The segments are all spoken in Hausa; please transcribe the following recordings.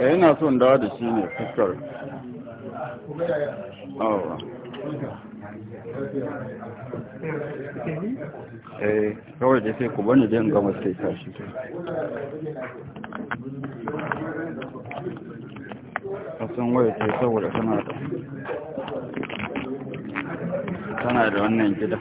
yana eh, so dawa da shi ne fuskar awa eh kawai da sai ku bane da yin gama sai tashi a san waya sai saboda tana da tana da wannan gida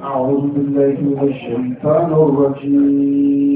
أعوذ بالله من الشيطان الرجيم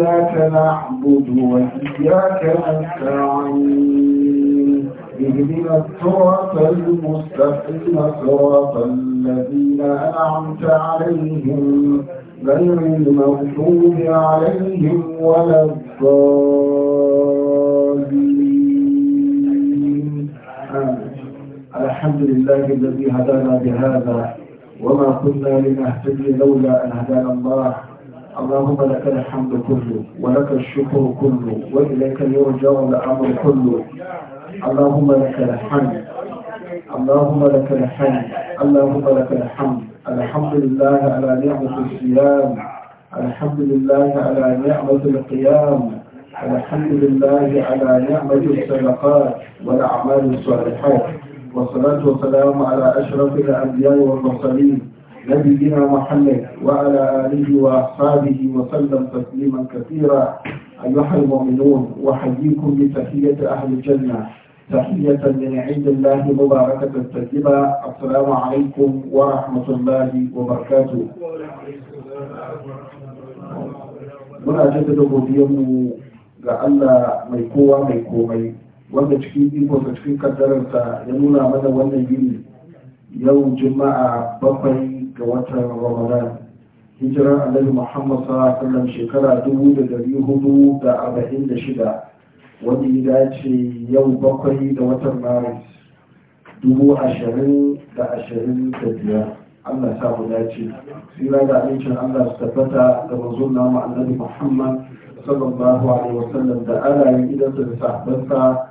إياك نعبد وإياك نستعين اهدنا الصراط المستقيم صراط الذين أنعمت عليهم غير المغضوب عليهم ولا الضالين الحمد لله الذي هدانا بهذا وما كنا لنهتدي لولا أن هدانا الله اللهم لك الحمد كله ولك الشكر كله وإليك يرجع الأمر كله اللهم لك الحمد اللهم لك الحمد اللهم لك الحمد الحمد لله على نعمة الصيام الحمد لله على نعمة القيام الحمد لله على نعمة الصدقات والأعمال الصالحات والصلاة والسلام على أشرف الأنبياء والمرسلين نبينا محمد وعلى آله وأصحابه وسلم تسليما كثيرا أيها المؤمنون وحييكم بتحية أهل الجنة تحية من عند الله مباركة طيبة السلام عليكم ورحمة الله وبركاته muna jaddada godiyarmu لعل ما mai ما mai komai wanda cikin ikonsa cikin kaddararsa ya nuna mana wannan yini yau juma'a bakwai ga watan ramadan hijirar annabi muhammad sallallahu alaihi shekara dubu da dari hudu da arba'in da shida wanda ya dace yau bakwai da watan maris dubu ashirin da ashirin da biyar allah sa mu dace tsira da amincin allah su tabbata da manzon namu annabi muhammad sallallahu alaihi wasallam da alayin gidansa da sahabbansa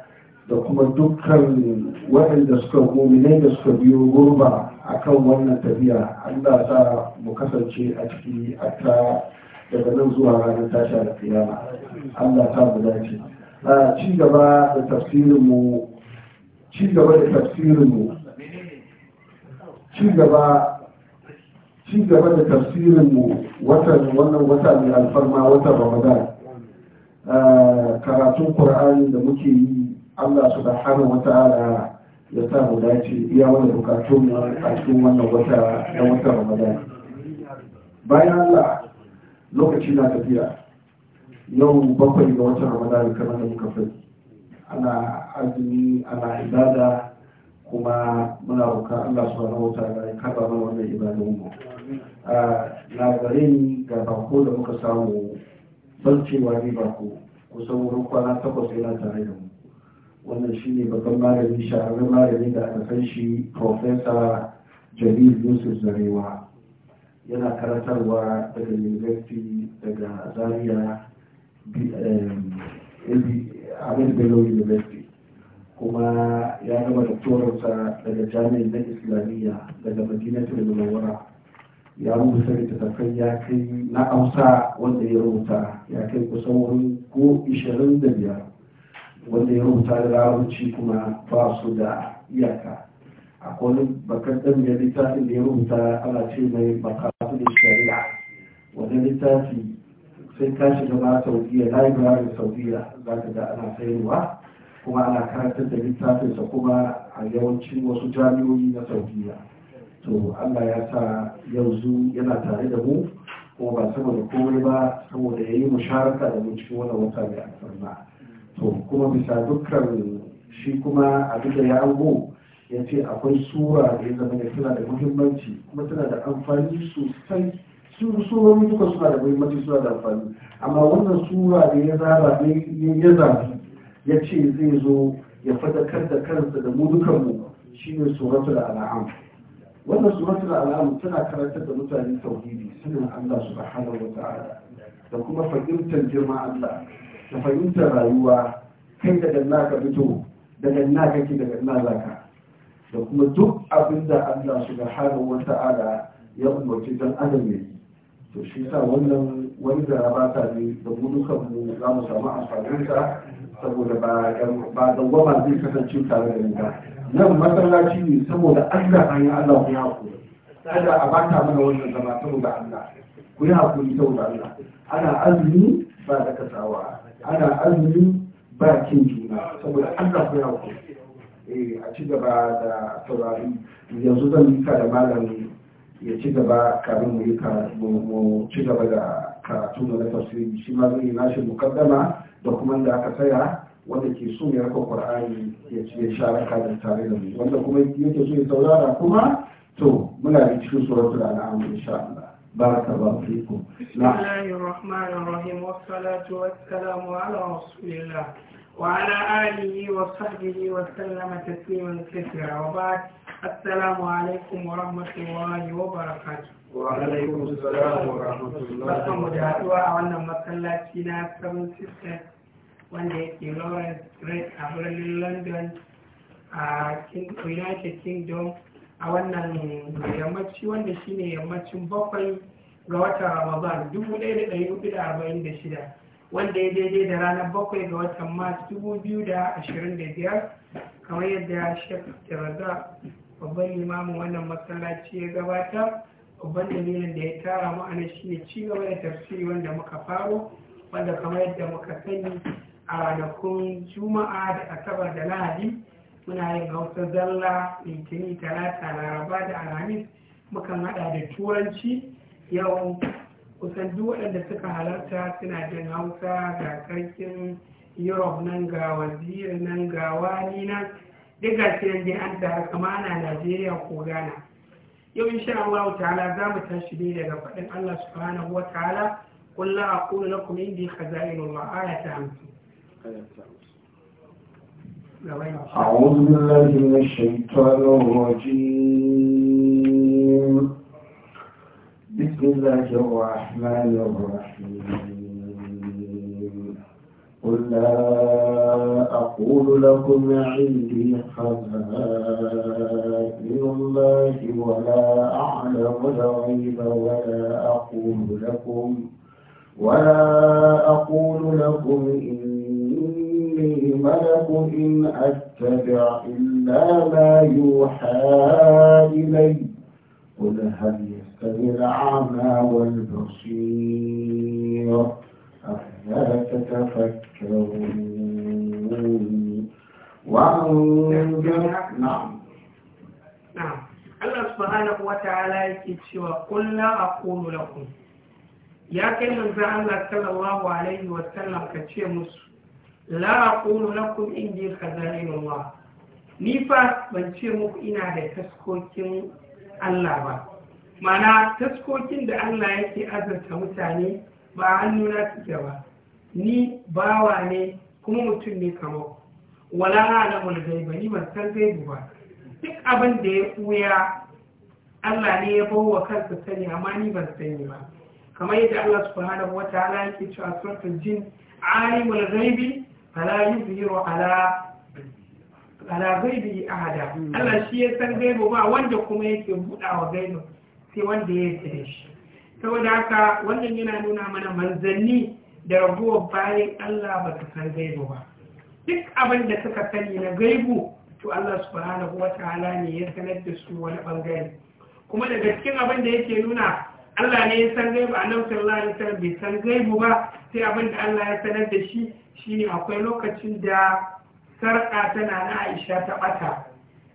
da kuma dukkan waɗanda suka muminai da suka biyo gurba a kan wannan tafiya allah sa mu kasance a ciki a ta daga nan zuwa ranar tashi da kiyama allah ta mu dace a ci gaba da tafsirinmu ci gaba da tafsirinmu ci gaba ci gaba da tafsirinmu watan wannan wata mai alfarma watan ramadan karatun qur'ani da muke yi Allah subhanahu wa ta'ala ya sa mu dace iya wani bukatu mu a cikin wannan wata na wata Ramadan bayan Allah lokaci na tafiya yau bakwai ga watan Ramadan kamar da muka fi ana azumi ana ibada kuma muna roƙa Allah subhanahu wa ta'ala ya karba mana wannan ibadun mu labarin ga bako da muka samu barcewa ne bako kusan wurin kwana takwas yana tare da mu wannan shi ne babban malami shahararren malami da aka san shi profesa jamil yusuf zarewa yana karatarwa daga university daga zaria um, abin bello university kuma ya gama doktorarsa daga jami'in na islamiyya daga madinatul munawwara ya rubuta littattafai ya kai na Hausa wanda ya rubuta ya kai kusan wurin ko 25 wanda ya rubuta da larabci kuma ba su da iyaka akwai wani bakar mai littafin da ya rubuta ana ce mai bakatu da shari'a wanda littafi sai ka shiga ma saudiya library saudiya za ka ga ana sayarwa kuma ana karantar da littafinsa kuma a yawancin wasu jami'o'i na saudiya to allah ya sa yanzu yana tare da mu kuma ba saboda komai ba saboda ya yi musharaka da mu cikin wannan wata mai alfarma to kuma bisa dukkan shi kuma abin da ya ango ya ce akwai sura da ya zama da suna da muhimmanci kuma suna da amfani sosai surori duka suna da muhimmanci suna da amfani amma wannan sura da ya zaba ya zabi ya ce zai zo ya fadakar da kansa da mu dukanmu ne suratul al'am wannan suratul al'am tana karantar da mutane tauhidi suna Allah subhanahu wa ta'ala da kuma fahimtar girma Allah da fahimtar rayuwa kai daga na ka fito kake daga na za ka da kuma duk abin da Allah subhanahu wa ta'ala ya umarci dan adam ya yi to shi sa wannan wani jaraba ta ne da mu dukan mu za mu samu amfanin sa saboda ba ba dawwama zai kasance tare da ni ba nan masallaci ne saboda Allah an yi Allah ku ya kada a bata mana wannan zama saboda Allah ku yi hakuri saboda Allah ana azumi ba da kasawa ana azumi ba juna saboda Allah ya ku eh, a ci gaba da saurari yanzu zan yi da malami ya ci gaba kamin mu yi mu ci gaba da karatu na tafsiri shi ma zai yi nashi mukaddama da kuma da aka saya wanda ke so ya raka Qur'ani ya ci ya sharaka da tare da mu wanda kuma yake so ya saurara kuma to muna da cikin suratul an'am insha Allah بارك الله فيكم بسم الله الرحمن الرحيم والصلاة والسلام على رسول الله وعلى آله وصحبه وسلم تسليما كثيرا وبعد السلام عليكم ورحمة الله وبركاته وعليكم السلام ورحمة الله وبركاته وعلى مسلاتنا سبن wanda yake Lawrence Great a birnin London a United Kingdom a wannan yammaci wanda shine yammacin bakwai ga watan ramadan 1446 wanda ya daidai da ranar bakwai ga watan mars 2025 kamar yadda ya shafi raza babban limamin wannan masallaci ya gabata. babban dalilin da ya tara ma'ana shine ci gaba da tafsiri wanda muka faro wanda kamar yadda muka sani a ranakun juma'a da asabar da lahadi muna yin hausa zalla litini talata laraba da alhamis mukan hada da turanci yau kusan duk waɗanda suka halarta suna jin hausa ga sarkin europe nan ga wazir nan ga wani nan duk ga an da kama na najeriya ko ghana yau insha Allah ta'ala za mu tashi ne daga faɗin Allah subhanahu wa ta'ala kuna na kuma indi khaza'inullah ayata hamsin أعوذ بالله من الشيطان الرجيم بسم الله الرحمن الرحيم قل لا أقول لكم عندي خزائن الله ولا أعلم الغيب ولا أقول لكم ولا أقول لكم إني إني ملك إن أتبع إلا ما يوحى إلي قل هل يستوي الأعمى والبصير أفلا تتفكرون وأنجح نعم نعم الله سبحانه وتعالى يكتشف قل لا أقول لكم يا kai manzo Allah sallallahu alaihi wa sallam ka ce la aqulu lakum indi Allah ni fa ban ce muku ina da taskokin Allah ba mana taskokin da Allah yake azurta mutane ba hannuna suke ba ni bawa ne kuma mutum ne kamar wala mulgai ba ni ban san gaibu ba duk abin da ya ɓuya Allah ne ya bawa kansa sani amma ni ban sani ba kamar yadda Allah subhanahu wa ta'ala yake cewa suratul jin alimul ghaibi fala yuzhiru ala ala gaibi ahada Allah shi ya san gaibu ba wanda kuma yake buɗawa gaiba, sai wanda ya yi da shi saboda haka wannan yana nuna mana manzanni da raguwar bayan Allah ba su san gaibu ba duk abin da suka sani na gaibu to Allah subhanahu wa ta'ala ne ya sanar da su wani bangare kuma daga cikin abin da yake nuna Allah ne ya san gaibu a nan sallallahu alaihi bai san gaibu ba sai abinda Allah ya sanar da shi Shi akwai lokacin da sarƙa tana na aisha ta ɓata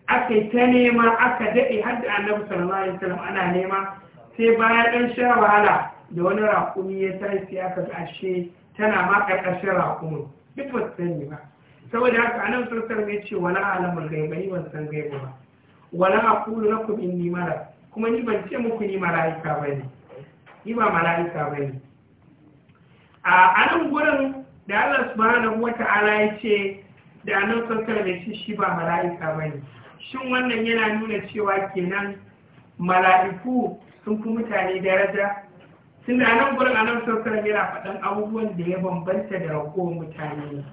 aka yi ta nema aka daɗe har da annabi sallallahu alaihi wasallam ana nema sai bayan ɗan sha wahala da wani raƙumi ya sai aka ga ashe tana ma ƙarƙashin raƙumin duk ba su sani ba saboda haka annabi sallallahu alaihi wasallam ya ce wala alamul gaiba ni ban san gaiba ba wala aqulu lakum inni mara kuma ni ban ce muku ni mala'ika bane ni ba mala'ika bane a anan da Allah subhanahu wata'ala ya ce da nan sallallahu da shi ba mala'ika ba ne. shin wannan yana nuna cewa kenan mala'iku sun fi mutane daraja sun da nan gurin nan sallallahu yana faɗan abubuwan da ya bambanta da ragowar mutane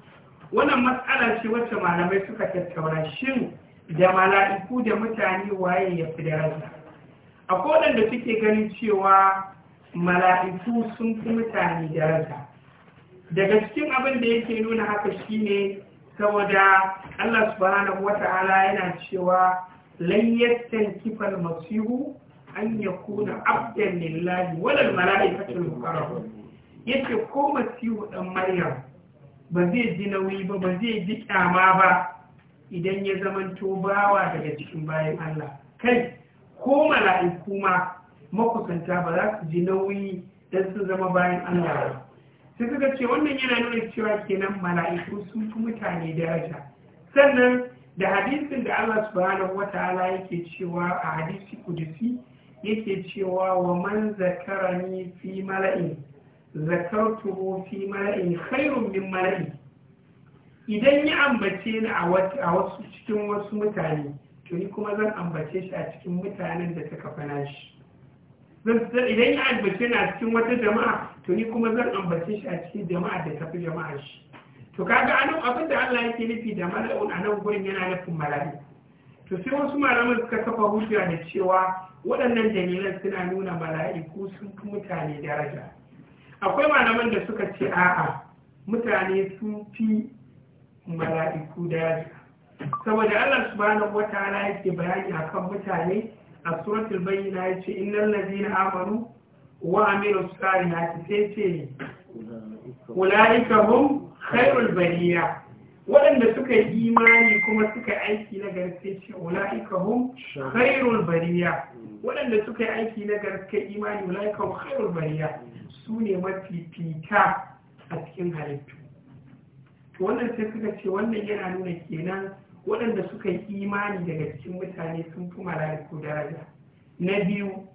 wannan matsala ce wacce malamai suka tattauna shin da mala'iku da mutane waye ya fi daraja akwai waɗanda suke ganin cewa mala'iku sun fi mutane daraja daga cikin abin da yake nuna haka shine saboda Allah subhanahu wata'ala yana cewa layyatan kifal masihu an yakuna abdan lillahi wala malaikatu mukarrabu yace ko masihu dan maryam ba zai ji nauyi ba ba zai ji kyama ba idan ya zamanto bawa daga cikin bayan Allah kai ko mala'iku ma makusanta ba za su ji nauyi don su zama bayan Allah ba sai suka ce wannan yana nuna cewa kenan mala'iku sun fi mutane daraja sannan da hadisin da Allah subhanahu wata'ala yake cewa a hadisi kudusi yake cewa wa man zakarani fi mala'in zakartuhu fi mala'in khairun min mala'in idan ya ambace ni a wasu cikin wasu mutane to ni kuma zan ambace shi a cikin mutanen da suka fana shi idan ya ambace ni a cikin wata jama'a to ni kuma zan ambace shi a cikin jama'a da tafi jama'a shi to kaga anan abin da Allah yake nufi da mala'un a gurin yana nufin mala'i to sai wasu malaman suka kafa hujja da cewa waɗannan dalilan suna nuna mala'iku sun fi mutane daraja akwai malaman da suka ce a'a mutane sun fi mala'iku daraja saboda Allah subhanahu wataala yake bayani akan mutane a suratul bayyina yace innal ladina amanu wa amiru salihati أولئك ce ne ulaika ولن bariya waɗanda suka yi imani kuma suka aiki na garke ce ulaika hum bariya waɗanda suka yi aiki na garke imani ulaika hum a cikin halittu to wannan sai suka ce wannan yana nuna kenan waɗanda suka yi imani daga cikin mutane sun fi mala'iku daraja na biyu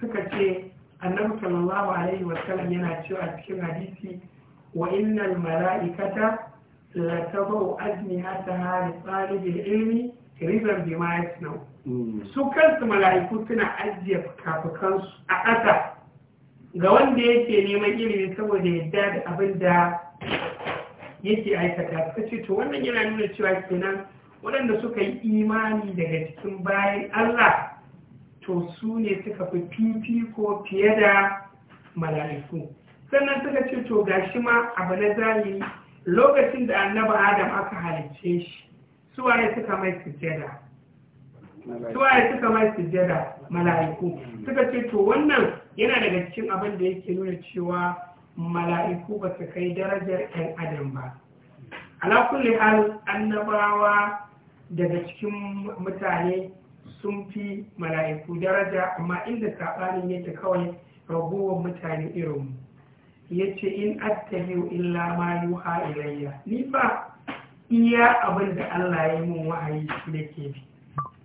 suka ce annabi sallallahu alaihi wasallam yana cewa cikin hadisi wa innal mala'ikata la tabu hatta li talib ilmi ridan bima yasnau mm. su kansu mala'iku suna ajiye su a ƙasa ga wanda yake neman ilimi saboda yadda da abin da yake aikata suka ce to wannan yana nuna cewa kenan waɗanda suka yi imani daga cikin bayan Allah to su ne suka fi ko fiye da mala'iku sannan suka ce to gashi ma abu na zahiri lokacin da annaba adam aka halice shi suwaye suka mai sujjada suwaye suka mai sujjada mala'iku suka ce to wannan yana daga cikin abin da yake nuna cewa mala'iku ba su kai darajar 'yan adam ba ala lihal hal annabawa daga cikin mutane sun fi mala'iku daraja amma inda saɓanin yake kawai raguwar mutane irin ya ce in attabiu illa ma yuha ilayya ni ba iya abin da Allah ya yi min wahayi da ke bi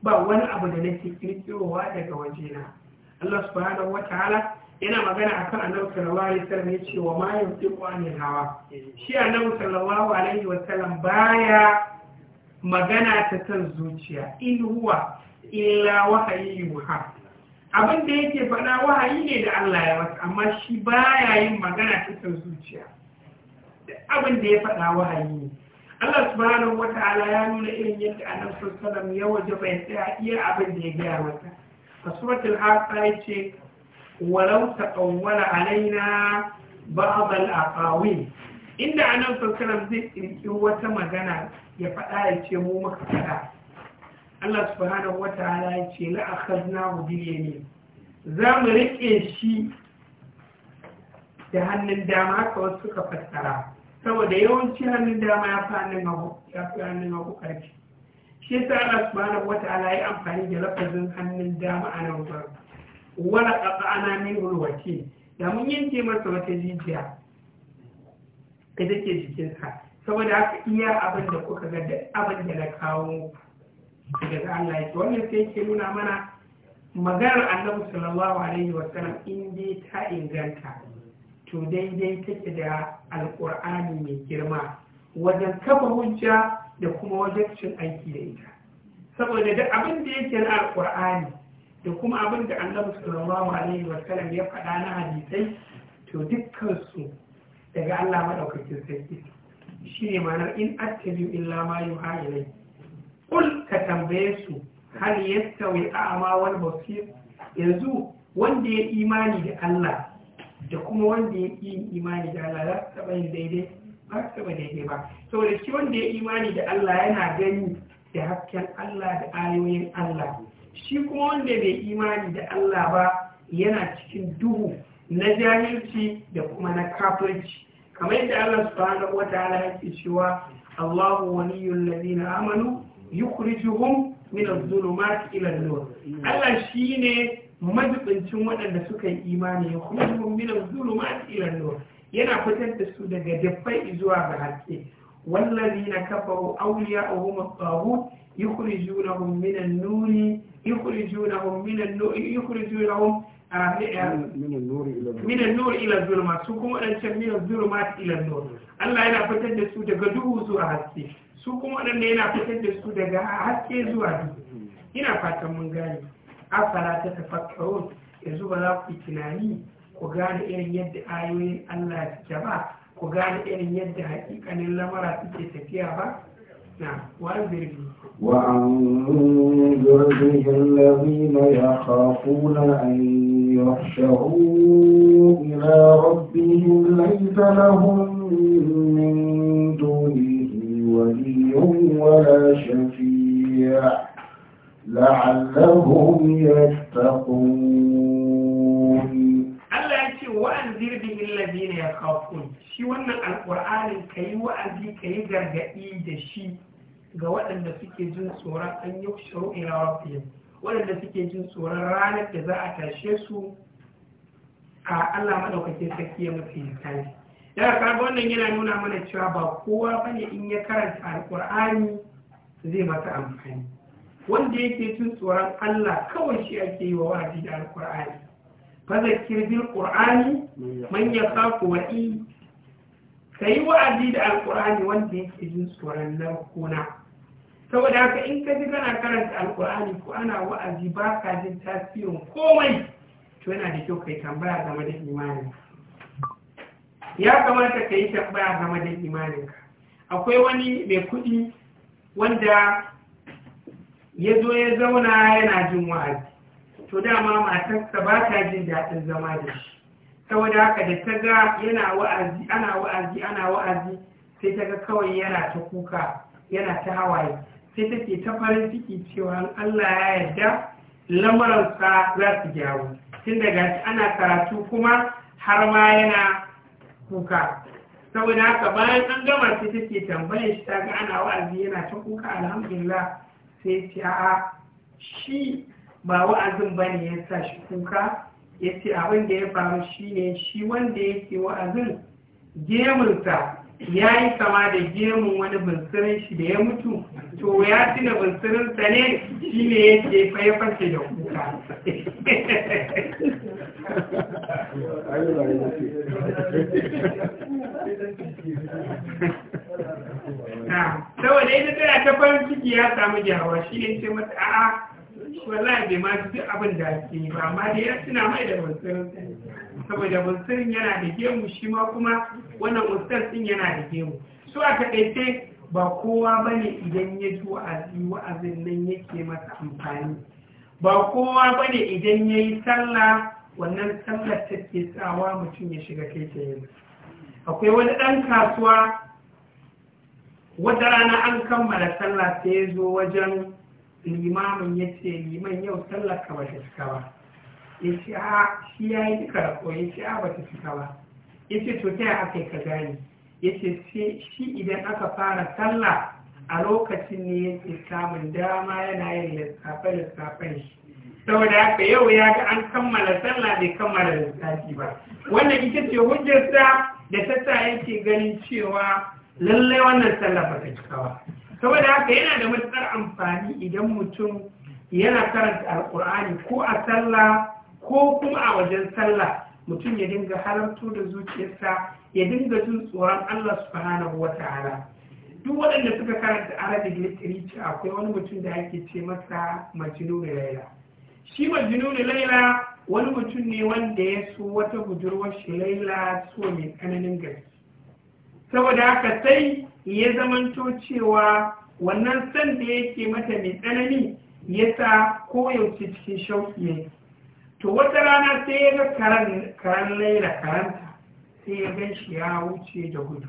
ba wani abu da nake kirkirowa daga wajena Allah subhanahu wa ta'ala yana magana akan annabi sallallahu alaihi wasallam ya ce wa ma yutiqu anil hawa shi annabi sallallahu alaihi wasallam baya magana ta san zuciya in huwa illa wahayi muha abin da yake faɗa wahayi ne da Allah ya masa amma shi baya yin magana ta san zuciya abin da ya faɗa wahayi ne Allah subhanahu ya nuna irin yadda Annabi sallallahu ya waje bai tsaya iya abin da ya gaya wata a suratul haqa yace walau taqawwala alaina ba'd al-aqawil inda Annabi sallallahu zai kirkiri wata magana ya faɗa ya ce mu maka faɗa Allah subhanahu wa ta'ala ya ce la akhadna bil yamin za mu rike shi da hannun dama ka wasu suka fassara saboda yawanci hannun dama ya fi hannun hagu ya fi hannun hagu karfi shi yasa Allah subhanahu wa ta'ala ya amfani da lafazin hannun dama a nan gurin wala qata'ana min ulwati da mun yanke masa wata jijiya da take jikinsa saboda haka iya abin da kuka ga abin da na kawo muku daga Allah yake wannan sai ke nuna mana maganar annabi sallallahu alaihi wasallam in dai ta inganta to daidai take da alkur'ani mai girma wajen kafa hujja da kuma wajen cin aiki da ita saboda da abin da yake na alkur'ani da kuma abin da annabi sallallahu alaihi sallam ya faɗa na hadisai to dukkansu daga Allah maɗaukacin sarki shine ma'anar in attabi illa ma yuha ilayhi kul ka tambaye su hal yastawi a'ma wal basir yanzu wanda ya imani da Allah da kuma wanda ya yi imani da Allah za su taɓa yin daidai ba su taɓa daidai ba saboda shi wanda ya imani da Allah yana gani da hasken Allah da ayoyin Allah shi kuma wanda bai imani da Allah ba yana cikin duhu na jahilci da kuma na kafirci kamar yadda Allah subhanahu wataala yake cewa Allahu waliyyul ladina amanu yukhrijuhum min adh-dhulumat ila an-nur Allah shine majibincin waɗanda suka yi imani yukhrijuhum min adh-dhulumat ila an-nur yana fitar da su daga dafai zuwa ga haske wallazina kafaru awliya'uhum at-taghut yukhrijunahum min an-nuri yukhrijunahum min an yukhrijunahum ah, eh, eh, min an ila su kuma wadancan min adh-dhulumat ila an-nur Allah yana fitar da su daga duhu zuwa haske su kuma waɗanda yana fitar da su daga haske zuwa duhu ina fatan mun gane afara ta tafakkarun yanzu ba za ku yi tunani ku gane irin yadda ayoyin Allah suke ba ku gane irin yadda hakikanin lamara suke tafiya ba na wa'azirbi وأنذر به الذين يخافون أن يحشروا إلى ربهم ليس لهم من ولا شفيع لعلهم يتقون الله يأتي وأنذر به الذين يخافون شي وانا القرآن كي وأنذي كي غرغئي دشي ga waɗanda suke jin tsoron an yi shiru ila waɗanda suke jin tsoron ranar da za a tashe su a Allah madaukakin sarki ya mutu ya kai ya karbi wannan yana nuna mana cewa ba kowa bane in ya karanta alkur'ani zai masa amfani wanda yake tun tsoron allah kawai shi ake yi wa wa'azi da alkur'ani fazakir bil qur'ani man yakhafu wa'i kai wa'azi da alkur'ani wanda yake jin tsoron narkona saboda haka in ka ji kana karanta alkur'ani ko ana wa'azi ba ka jin tasirin komai to yana da kyau kai tambaya game da imani ya kamata ka yi tambaya game da imaninka akwai wani mai kuɗi wanda ya zo ya zauna yana jin wa'azi to dama matarsa ba ta jin daɗin zama da shi saboda haka da ta ga yana wa'azi ana wa'azi ana wa'azi sai ta ga kawai yana ta kuka yana ta hawaye sai take ta farin ciki cewa Allah ya yarda lamuransa za su gyaru tun daga ana karatu kuma har ma yana kuka saboda haka bayan an gama sai take tambayar shi ta ga ana wa'azi yana ta kuka alhamdulillah sai ce a shi ba wa'azin ba ne ya sa shi kuka ya ce abin da ya faru shi ne shi wanda ya yake wa'azin gemunsa ya yi kama da gemun wani bunsirin shi da ya mutu to ya tuna bunsirinsa ne shi ne ya ce da kuka ai ba ya saboda ita tana ta farin ciki ya samu jawa shi ne ce mata a'a wallahi bai ma duk abin da ke ba amma da ya suna mai da bansirin saboda bansirin yana da gemu shi ma kuma wannan ustaz sun yana da gemu su a takaice ba kowa ba ne idan ya ji wa'azi wa'azin nan yake masa amfani ba kowa ba ne idan ya yi sallah wannan sallar take tsawa mutum ya shiga kai ta yanzu akwai wani ɗan kasuwa wata rana an kammala sallah ta ya zo wajen limamin ya ce liman yau sallar ka bata cika ba ya ce a shi ya yi duka rako ya ce a bata cika ba ya ce to ta aka yi ka gani. ya ce shi idan aka fara sallah a lokacin ne ya yake samun dama yana yin lissafe-lissafen shi saboda haka yau ya ga an kammala sallah bai kammala lissafi ba wannan ita ce hujjarsa da ta sa yake ganin cewa lallai wannan sallah ba ta cika ba saboda haka yana da matsar amfani idan mutum yana karanta alkur'ani ko a sallah ko kuma a wajen sallah mutum ya dinga halarto da zuciyarsa ya dinga jin tsoron Allah subhanahu wa ta'ala duk waɗanda suka karanta arabic literature akwai wani mutum da ake ce masa da laila shi majnuni laila wani mutum ne wanda ya so wata budurwar shi laila so mai tsananin gari. saboda haka sai ya zamanto cewa wannan san da yake mata mai tsanani ya sa koyaushe cikin shauki ne to wata rana sai ya ga karan laila karanta sai ya gan shi ya wuce da gudu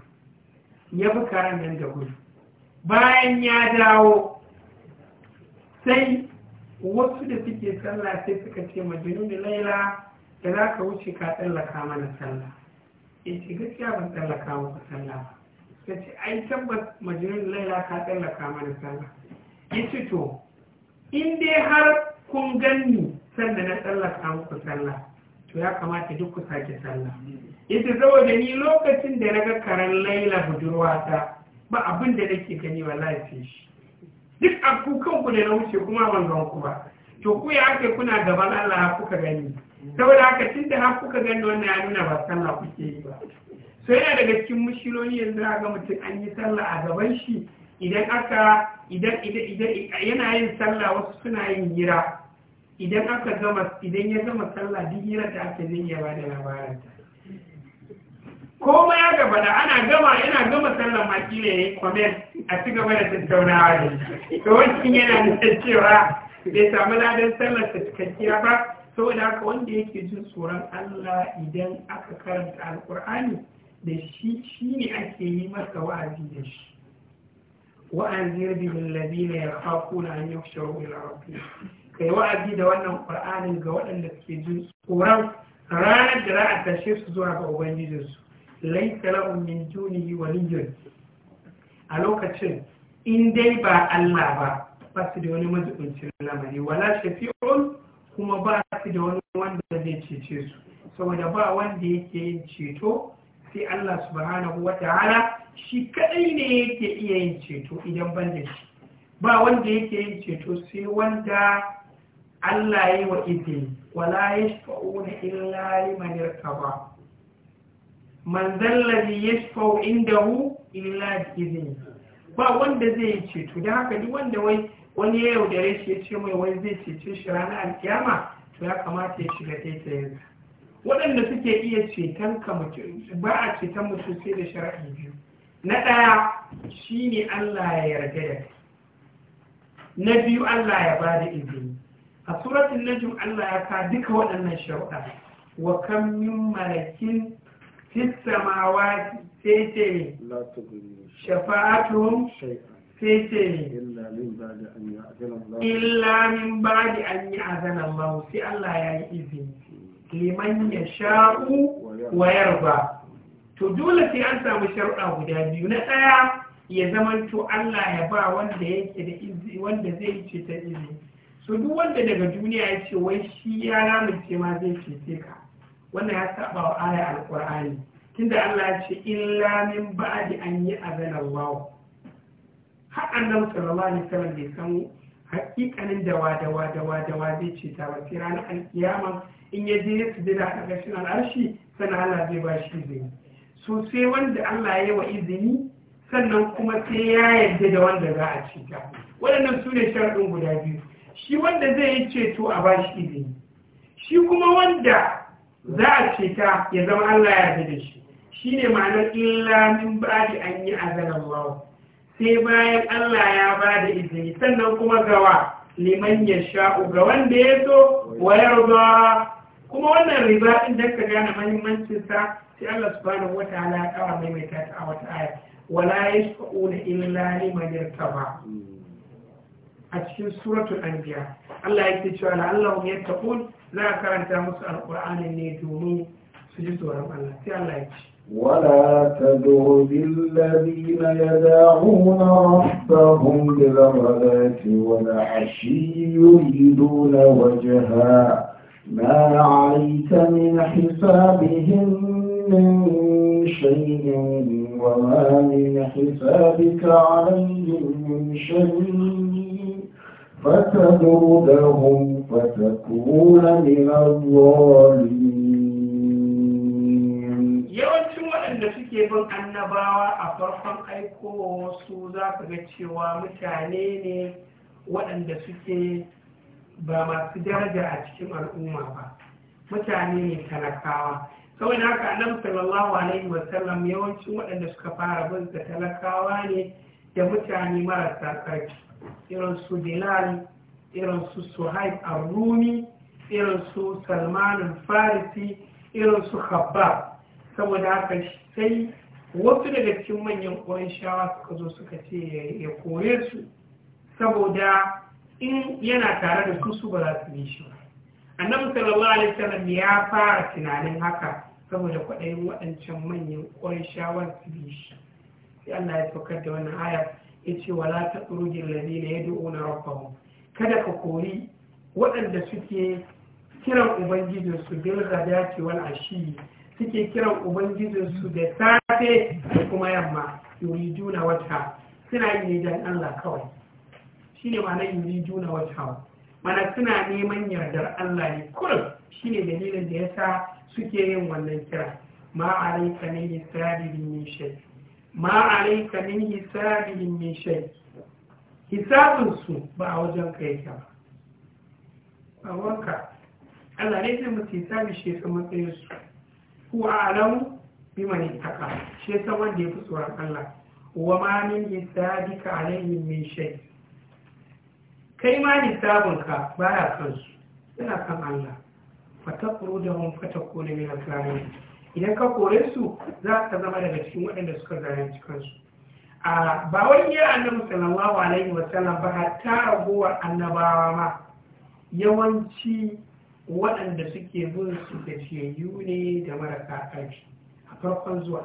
ya bi karan nan da gudu bayan ya dawo sai wasu da suke sallah sai suka ce majinu da laila da za ka wuce ka tsallaka mana sallah ya ce gaskiya ban tsallaka maka sallah ba ta ce ai tabbas majinu da laila ka tsallaka mana sallah ya ce to in dai har kun ganni sanda na tsallaka maka sallah to ya kamata duk ku sake sallah ya ce saboda ni lokacin da na ga karen laila budurwata ba abin da nake gani wallahi sai shi duk a ku ne da na wuce kuma manzon ku ba to ku ya ake kuna gaban Allah kuka gani saboda haka tun da har kuka gani wannan ya nuna ba sallah kuke yi ba so yana daga cikin mushiloli yanzu ga mutum an yi sallah a gaban shi idan aka idan idan yana yin sallah wasu suna yin hira idan aka gama idan ya gama sallah duk hira da aka zai ya bada labaranta. koma ya gaba da ana gama yana gama sallan maki ne kwamen a ci gaba da tattaunawa ne to wancan yana nufin cewa bai samu ladan sallar ta cikakkiya ba saboda haka wanda yake jin tsoron Allah idan aka karanta alkur'ani da shi shi ne ake yi masa wa'azi da shi wa'azir bil ladina yakhafuna an yuhsharu ila rabbihim kai wa'azi da wannan qur'anin ga waɗanda suke jin tsoron ranar da za a tashe su zuwa ga ubangijinsu laisa lahum min a lokacin in dai ba Allah ba ba su da wani mazubuncin lamari wala shafi'un kuma ba su da wani wanda zai cece su saboda ba wanda yake yin ceto sai Allah subhanahu wa ta'ala shi kadai ne yake iya yin ceto idan ban da shi ba wanda yake yin ceto sai wanda Allah ya yi wa izini wala yashfa'una illa liman ba. man zallazi yashfau indahu illa bi ba wanda zai yi ceto da haka duk wanda wai wani ya yaudare shi ya ce mai wai zai ceto shi ranar alkiyama to ya kamata ya shiga taitayensa waɗanda suke iya ceton ka ba a ceton mutum sai da shara'i biyu na ɗaya shi ne Allah ya yarda da kai na biyu Allah ya ba da izini a suratul najm Allah ya ka duka waɗannan sharuɗa wa kan min malakin fissa mawaki sai ce ne shafa'atuhum sai ce ne illa ba da an yi azana Allah sai Allah ya yi izini liman ya sha'u wayar ba to dole sai an samu sharuɗa guda biyu na ɗaya ya zamanto Allah ya ba wanda yake wanda zai yi ceton izini so duk wanda daga duniya ya ce wai shi ya lamunce ma zai cece ka wannan ya saba wa aya alkur'ani tunda Allah ya ce illa min ba'di an yi azana Allah har annabi sallallahu alaihi wasallam bai san hakikanin da wa, da wa, zai ce ta ba sai ranar alkiyama in ya je su jira a ƙarshen al'arshi sannan Allah zai ba shi izini so sai wanda Allah ya yi wa izini sannan kuma sai ya yarda da wanda za a ce ta waɗannan su ne guda biyu shi wanda zai yi ceto a ba shi izini shi kuma wanda za a cika ya zama Allah ya fi da shi Shi ne ma'anar illa min da an yi a zanen wawo sai bayan Allah ya ba da izini sannan kuma gawa liman ya sha'u ga wanda ya so wa yarda kuma wannan riba din da ka gane mahimmancinsa, sai Allah subhanahu wataala ya kawo maimaita ta a wata aya wala yashfa'una illa liman yartaba أتكلم سورة الأنبياء الله يكتشف على اللهم يتقون لا كانت مسأل القرآن اللي يدومون سجد ورم الله تي الله يكتشف ولا تدعوا بالذين يدعون ربهم بالغلاة والعشي يريدون وجها ما عليك من حسابهم من شيء وما من حسابك عليهم من شيء فتذودهم فتكون من الظالمين yawancin waɗanda suke bin annabawa a farkon aikowa wasu za ka ga cewa mutane ne waɗanda suke ba masu daraja a cikin al'umma ba mutane ne kawai na haka annabi sallallahu alaihi wa sallam yawancin waɗanda suka fara bin talakawa ne da mutane marasa ƙarfi. irin su bilal irin su suhaib arrumi irin su salmanin farisi irin su habba saboda haka sai wasu daga cikin manyan ƙwarin shawa suka zo suka ce ya kore su saboda in yana tare da su su ba za su nishi ba annabi sallallahu alaihi wasallam ya fara tunanin haka saboda kwaɗayin waɗancan manyan ƙwarin shawar su nishi sai Allah ya saukar da wannan ayar yace wala ta ladina yad'u yad'una rabbahum kada ka kori waɗanda suke kiran ubangijinsu bil ghadati wal ashi suke kiran ubangijinsu da safe da kuma yamma yuriduna wata suna yi dan Allah kawai shine ma'ana yuriduna wata mana suna neman yardar Allah ne kullum shine dalilin da yasa suke yin wannan kira ma alayka ne da sadidin shay ma alaika min hisabihim min shay hisabun su ba a wajen kai ka ba wanka Allah ne zai mutu hisabi shi ta matsayin su huwa alamu man ittaka shi ta wanda ya fi tsoron Allah wa ma min hisabika alaihim min shay kai ma hisabun ka baya kansu yana kan Allah fa da hun fatakuru min alkamin idan ka kore su za ka zama daga cikin waɗanda suka su A ba wai ya annabi sallallahu alaihi wa sallam ba ta ragowar annabawa ma yawanci waɗanda suke bin su da ciyayyu ne da marasa ƙarfi a farkon zuwa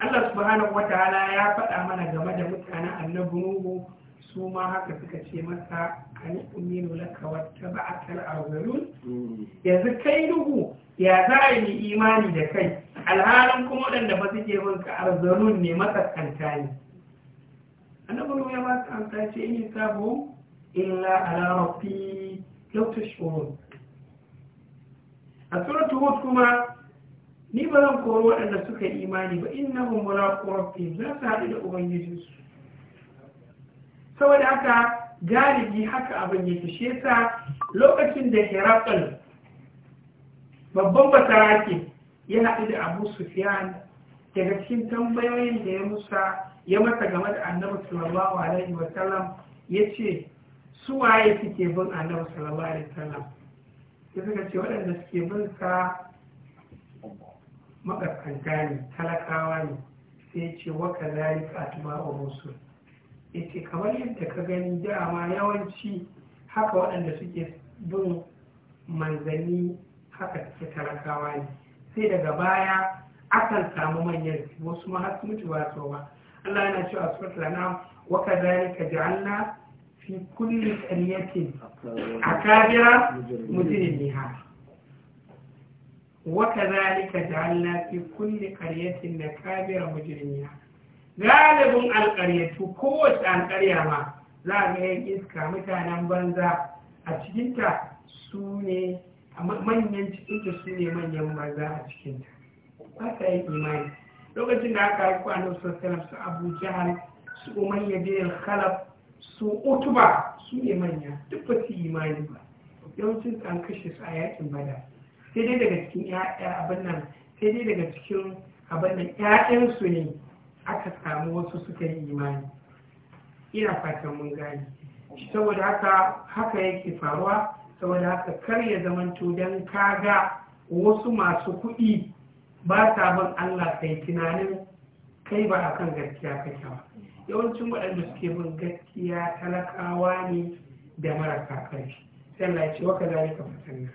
Allah subhanahu wataala ya faɗa mana game da mutanen annabi Nuhu su ma haka suka ce masa an uminu laka wata ba'atar arzalun mm. yanzu kai Nuhu ya za a yi imani da kai alhalin kuma waɗanda ba suke bin ka arzanun ne makaskanta ne annabi ya ba su amsa ce in sabu illa ala rabbi law tashkurun a suratul hud kuma ni ba zan koro waɗanda suka imani ba innahum mulaqu rabbihim za su haɗu da ubangijinsu saboda haka galibi haka abin yake shi yasa lokacin da hiraqal babban basarake ya haɗu da abu sufiyan daga cikin tambayoyin da ya musa ya masa game da annabi sallallahu alaihi wa sallam ya ce su waye suke bin annabi sallallahu alaihi wa sallam ya suka ce waɗanda suke bin sa makaskanta ne talakawa ne sai ce waka a musu Ya ce kamar yadda ka gani dama yawanci haka waɗanda suke bin manzanni haka suke talakawa ne sai daga baya akan samu manyan wasu ma har mutu ba su ba Allah yana cewa suratul anam wa kadhalika ja'alna fi kulli qaryatin akabira mujrimiha wa kadhalika ja'alna fi kulli qaryatin akabira mujrimiha galibin alƙaryatu kowace alƙarya ma za a ga yin iska mutanen banza a cikinta su ne amma manyan cikinta su ne manyan maza a cikinta ba ta yi imani lokacin da aka haifu a nan sassanar su abu jihar su umayya biyar khalaf su utuba su ne manya duk ba su imani ba yawancin an kashe su a yakin bada sai dai daga cikin ya'ya abin nan sai dai daga cikin abin nan ya'yansu ne aka samu wasu suka yi imani ina fatan mun gani saboda haka haka yake faruwa saboda haka kar ya zamanto don kaga wasu masu kuɗi ba sa ban Allah sai tunanin kai ba akan gaskiya kake ba yawancin waɗanda suke bin gaskiya talakawa ne da marasa ƙarfi sai Allah ya ce waka zalika fatanna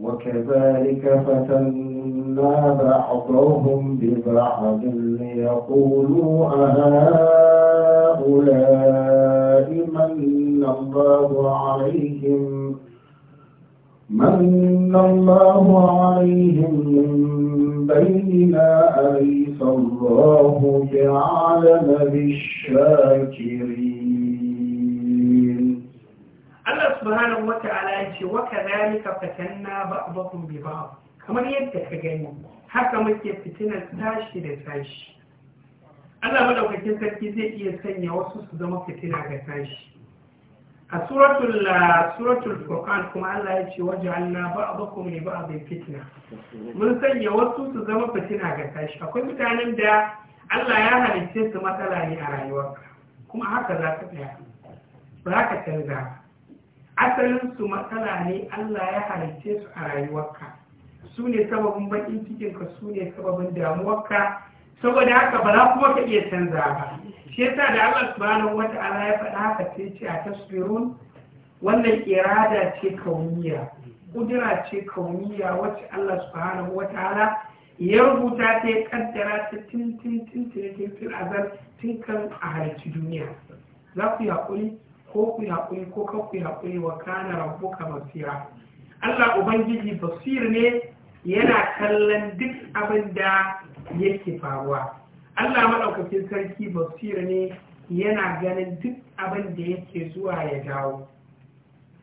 وكذلك فتنا بعضهم ببعض ليقولوا أهؤلاء من الله عليهم من الله عليهم من بيننا أليس الله بعلم بالشاكرين الله سبحانه وتعالى يقول وكذلك فتنا بعضكم ببعض كما يدك جاني haka muke fitinar tashi da tashi Allah madaukakin sarki zai iya sanya wasu su zama fitina a suratul suratul kuma Allah ya ce waje waj'alna ba'dakum li bai fitina. mun sanya wasu su zama fitina ga tashi akwai mutanen da Allah ya halicce su matsala ne a rayuwarka kuma haka za ka tsaya ba za ka canza asalin su matsala ne Allah ya halicce su a rayuwarka su ne sababin bakin cikinka su ne sababin damuwarka saboda haka ba za kuma ka iya canza ba shi yasa da Allah subhanahu wata'ala ya faɗa haka sai ce a tasbirun wannan irada ce kauniya kudura ce kauniya wacce Allah subhanahu wata'ala ya rubuta ta ya kaddara ta tun tun tun tun tun azal tun kan a halarci duniya za ku yi haƙuri ko ku yi haƙuri ko kan ku yi haƙuri wa kana ka basira Allah ubangiji basir ne yana kallon duk abin da yake faruwa Allah maɗaukakin sarki basir ne yana ganin duk abin da yake zuwa ya dawo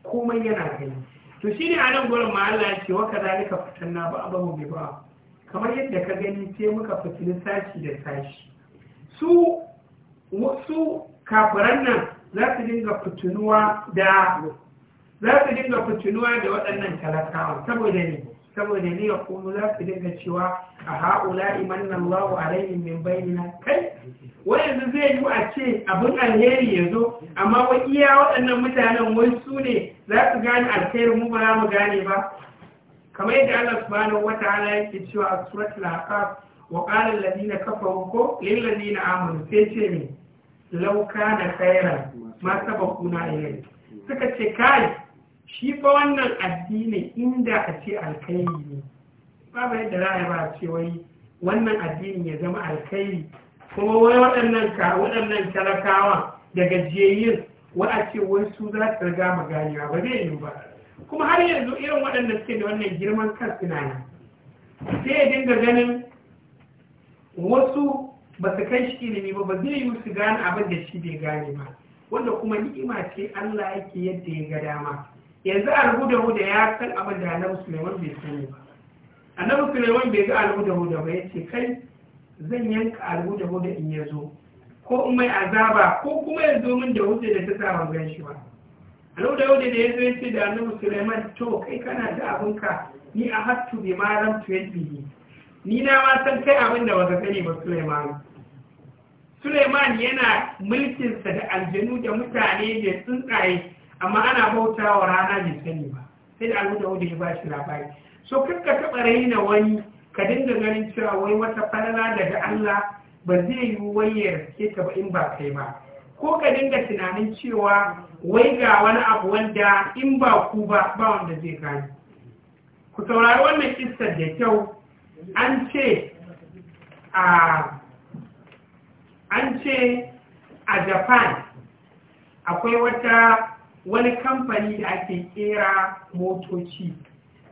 komai yana gani to shi ne anan nan gurin ma Allah ya ce wa kazalika na ba abahu mai ba kamar yadda ka gani sai muka fitini sashi da sashi su su kafiran nan za su dinga fitinuwa da za su dinga fitinuwa da waɗannan talakawa saboda ne saboda ne ya kuma za su daga cewa a ha'ula Allah Allahu alaihim min bayyana kai wayanzu zai yi a ce abin alheri ya zo amma wa iya waɗannan mutanen wai su ne za su gane alheri mu ba za mu gane ba kamar yadda Allah subhanahu ana yake cewa a suratul ahqaf wa qala alladhina kafaru ko lil ladina amanu sai ce ne law kana khairan ma sabaquna ilayhi suka ce kai shi fa wannan addini inda a ce alkhairi ne babu yadda za a ba ce wai wannan addini ya zama alkhairi kuma wai waɗannan ka waɗannan talakawa daga gajiyayyin wa a ce wai su za su riga mu ba zai yiwu ba kuma har yanzu irin waɗanda suke da wannan girman kan suna nan sai ya dinga ganin wasu ba su kai shi ilimi ba ba zai yi musu gane abin da shi bai gane ba wanda kuma ni'ima ce Allah yake yadda ya ga dama yanzu alhudahu da ya san abin da annabi suleiman bai sani ba annabi suleiman bai ga alhudahu da ba ya ce kai zan yanka alhudahu da in ya zo ko in mai azaba ko kuma ya zo min da hudu da ta sa gan shi ba hudu da ya zo ya ce da annabi suleiman to kai kana da abinka ni a hattu bi ma ram ni na ma san kai abin da baka sani ba suleiman suleiman yana mulkinsa da aljanu da mutane da tsuntsaye amma ana bauta wa rana mai sani ba sai da alhuda ya ba shi labari so kakka taɓa raina wani ka dinga ganin cewa wai wata falala daga Allah ba zai yi wayar ke ka ba in ba kai ba ko ka dinga tunanin cewa wai ga wani abu wanda in ba ku ba ba wanda zai gani ku taurari wannan kissar da kyau an ce a an ce a japan akwai wata wani kamfani da ake kera motoci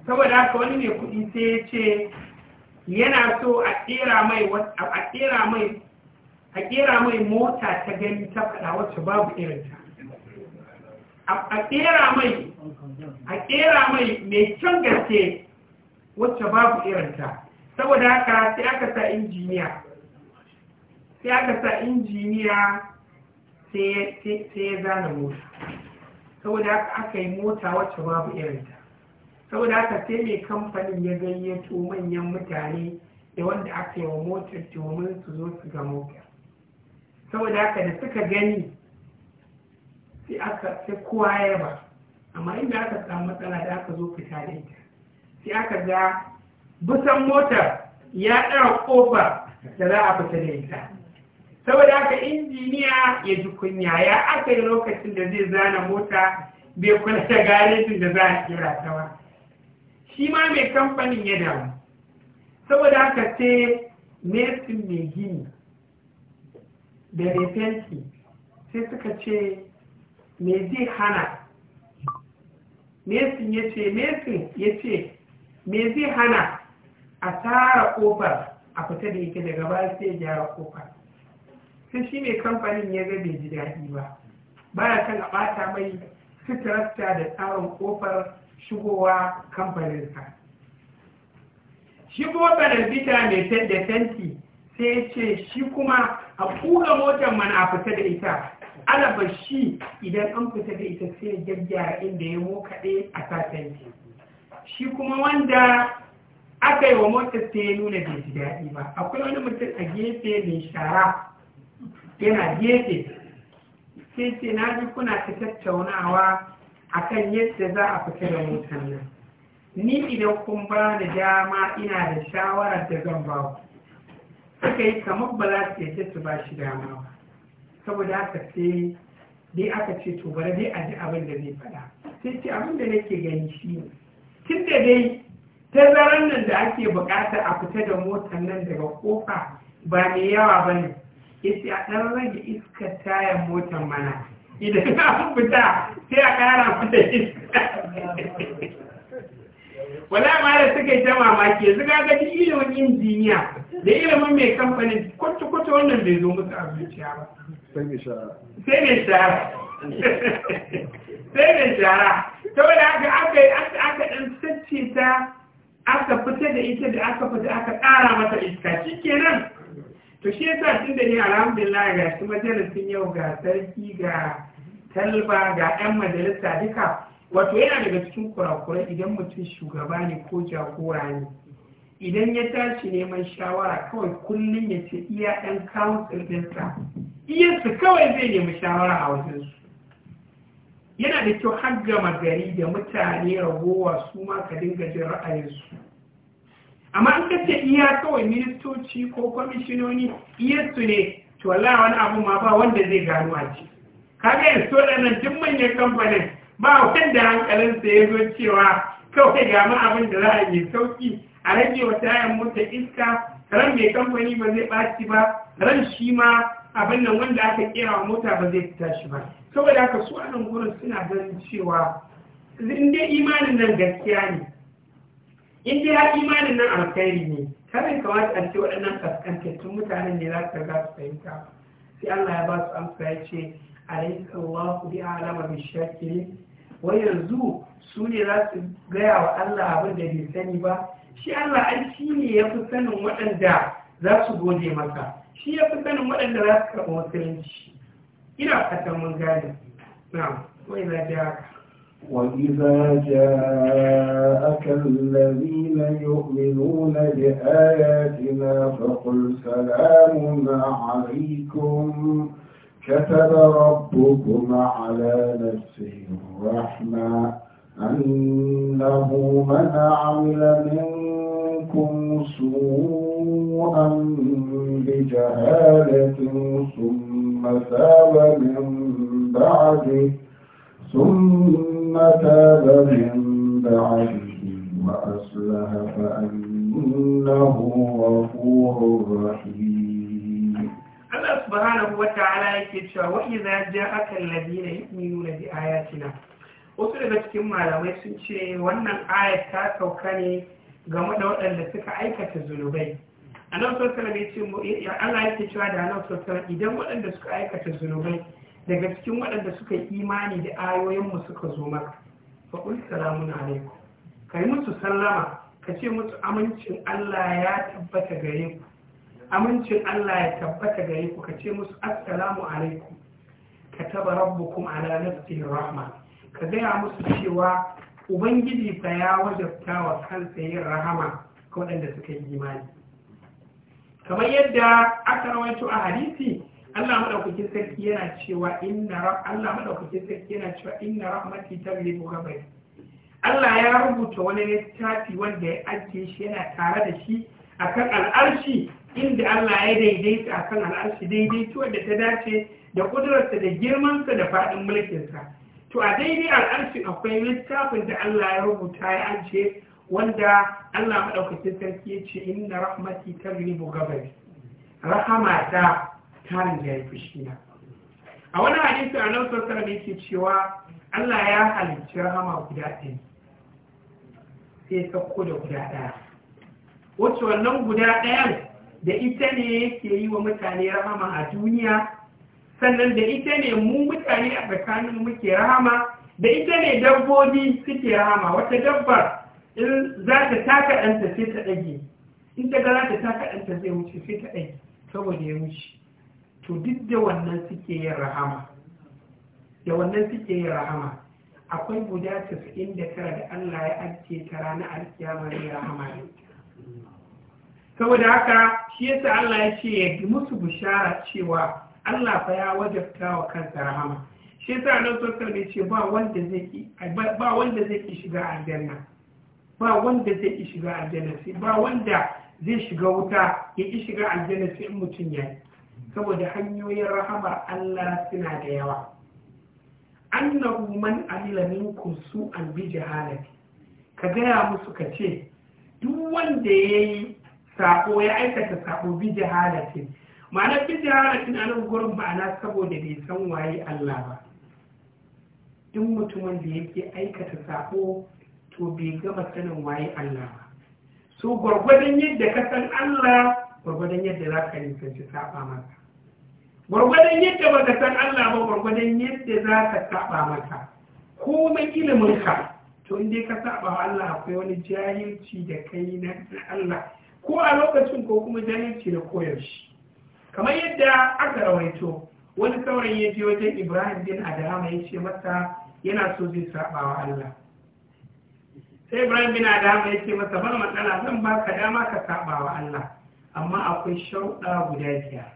saboda haka wani mai kuɗi sai ya ce yana so a kera mai mota ta gani ta faɗa wacce babu irinta a kera mai a kera mai mai gaske wacce babu irinta saboda haka sai aka sa injiniya sai aka sa injiniya sai ya zana mota saboda haka aka yi mota wacce babu irinta saboda haka sai mai kamfanin ya gayyato manyan mutane da wanda aka yi wa motar domin su zo su ga motar saboda haka da suka gani sai aka sai kowa ya ba amma inda aka samu matsala da aka zo fita da ita sai aka ga busan motar ya ɗara ƙofa da za a fita da ita saboda haka injiniya ya ji kunya ya aka yi lokacin da zai zana mota bai kula da garejin da za a kira ta ba shi ma mai kamfanin ya damu saboda haka sai mesin mai gini da refenti sai suka ce me zai hana mesin ya ce mesin ya ce me zai hana a tara kofar a fita da yake daga baya sai gyara kofar sai shi ne kamfanin ya ga bai ji daɗi ba baya kan a ɓata mai suturarsa da tsarin ƙofar shigowa kamfaninsa shi kuma bita mai da tanti sai ce shi kuma a kuga motar mana a fita da ita alaba shi idan an fita da ita sai gyaggyara inda ya mokaɗe a sa tanti shi kuma wanda aka yi wa motar sai ya nuna bai ji daɗi ba akwai wani mutum a gefe mai shara yana gefe sai ce na ji kuna ta tattaunawa a kan yadda za a fita da nan ni idan kun ba da dama ina da shawarar da zan ba ku suka yi kamar ba za su yadda su ba shi dama ba saboda haka sai dai aka ce to bari dai a ji abin da zai faɗa sai ce abin da nake gani shi ne tun da dai tazaran nan da ake bukata a fita da motar nan daga kofa ba mai yawa ba ne yace a ɗan rage iska tayan motar mana idan na fita sai a ƙara fita iska wala ma da suka yi ta mamaki yanzu ga ga ilimin injiniya da ilimin mai kamfanin kwata-kwata wannan bai zo musu a zuciya ba sai mai shara sai mai shara ta wani aka aka ɗan sace ta aka fita da ita da aka fita aka ƙara mata iska shi kenan to shi yasa tun da ni alhamdulillah ga shi majalisin yau ga sarki ga talba ga yan majalisa duka wato yana daga cikin kurakurai idan mutum shugaba ne ko jagora ne idan ya tashi neman shawara kawai kullum ya ce iya ɗan council ɗinsa su kawai zai nemi shawara a wajensu yana da kyau har gama gari da mutane ragowa su ma ka dinga jin ra'ayinsu amma in kace iya kawai ministoci ko kwamishinoni iya su ne to wallahi wani abu ma ba wanda zai gano a ci kaga da nan duk manyan kamfanin ba wanda hankalinsa ya zo cewa kawai ga ma abin da za a yi sauki a rage wa tayan mota iska ran mai kamfani ba zai ɓaci ba ran shi ma abin nan wanda aka kera wa mota ba zai fita shi ba saboda haka su nan gurin suna ganin cewa in dai imanin nan gaskiya ne in dai imanin nan alkhairi ne kare kamata a ce waɗannan kaskantattun mutanen ne za su ga su fahimta sai Allah ya ba su amsa ya ce Allah ku bi alama bi shakirin wai yanzu su ne za su gaya wa Allah abin da bai sani ba shi Allah an shi ne ya fi sanin waɗanda za su gode maka. shi ya fi sanin waɗanda za su karɓi musulunci ina fatan mun gane na wai na ta haka وإذا جاءك الذين يؤمنون بآياتنا فقل سلام عليكم كتب ربكم على نفسه الرحمة أنه من عمل منكم سوءا بجهالة ثم تاب من بعده ثم ثم تاب من بعده وأصلها فأنه غفور رحيم الله سبحانه وتعالى يكتشف وإذا جاءك الذين يؤمنون بآياتنا wasu daga cikin malamai sun ce wannan ayat ta sauka ne game da waɗanda suka aikata zunubai a nan sosai ce Allah yake cewa da nan sosai idan waɗanda suka aikata zunubai daga cikin waɗanda suka yi imani da ayoyinmu suka zo maka faƙul salamun alaikum ka yi musu sallama ka ce musu amincin Allah ya tabbata gare ku amincin Allah ya tabbata gare ku ka ce musu assalamu alaikum ka taba rabbukum ala nafsi rahma ka gaya musu cewa ubangiji fa ya wajabta wa kansa yin rahama ga waɗanda suka yi imani kamar yadda aka rawaito a hadisi Allah madaukakin sarki yana cewa inna Allah madaukakin sarki yana cewa inna rahmati Allah ya rubuta wani littafi wanda ya ajiye shi yana tare da shi akan al'arshi inda Allah ya daidaita akan al'arshi to da ta dace da kudurarsa da girmansa da faɗin mulkinsa to a daidai al'arshi akwai littafin da Allah ya rubuta ya ajiye wanda Allah maɗaukakin sarki ya ce inna rahmati taglibu ghadab rahama ta tarin ya yi fushi na a wani hadisi a nan sosai da yake cewa Allah ya halicci rahama guda ɗaya sai sauko da guda ɗaya wacce wannan guda ɗayan da ita ne yake yi wa mutane rahama a duniya sannan da ita ne mu mutane a tsakanin muke rahama da ita ne dabbobi suke rahama wata dabbar in za ta taka ɗanta sai ta ɗage in ta ga za ta taka ɗanta zai wuce sai ta ɗage saboda ya wuce to duk da wannan suke yin rahama da wannan suke yin rahama akwai guda casa'in da tara da Allah ya ajiye ta ranar alkiyama ne rahama ne saboda haka shi yasa Allah ya ce ya musu bishara cewa Allah fa ya wajabta wa kansa rahama shi yasa nan sosai ne ce ba wanda zai ki ba wanda zai ki shiga aljanna ba wanda zai ki shiga aljanna sai ba wanda zai shiga wuta ya ki shiga aljanna sai in mutum ya yi saboda hanyoyin rahama Allah suna da yawa annahu man amila minkum su'an bi jahalati ka gaya musu ka ce duk wanda ya yi sako ya aikata sako bi jahalati ma'ana bi jahalati na nan gurin ma'ana saboda bai san waye Allah ba duk mutumin da yake aikata sako to bai gama sanin waye Allah ba so gwargwadon yadda ka san Allah gwargwadon yadda za ka nisanci saba masa gwargwadon yadda baka san Allah ba gwargwadon yadda za ka saba maka komai ilimin ka to inda ka saba Allah akwai wani jahilci da kai na Allah ko a lokacin ko kuma jahilci da koyaushe kamar yadda aka rawaito wani saurayi ya je wajen Ibrahim bin Adama ya ce masa yana so zai saba wa Allah sai Ibrahim bin Adama ya ce masa ban matsala zan baka dama ka saba wa Allah amma akwai shauɗa guda biyar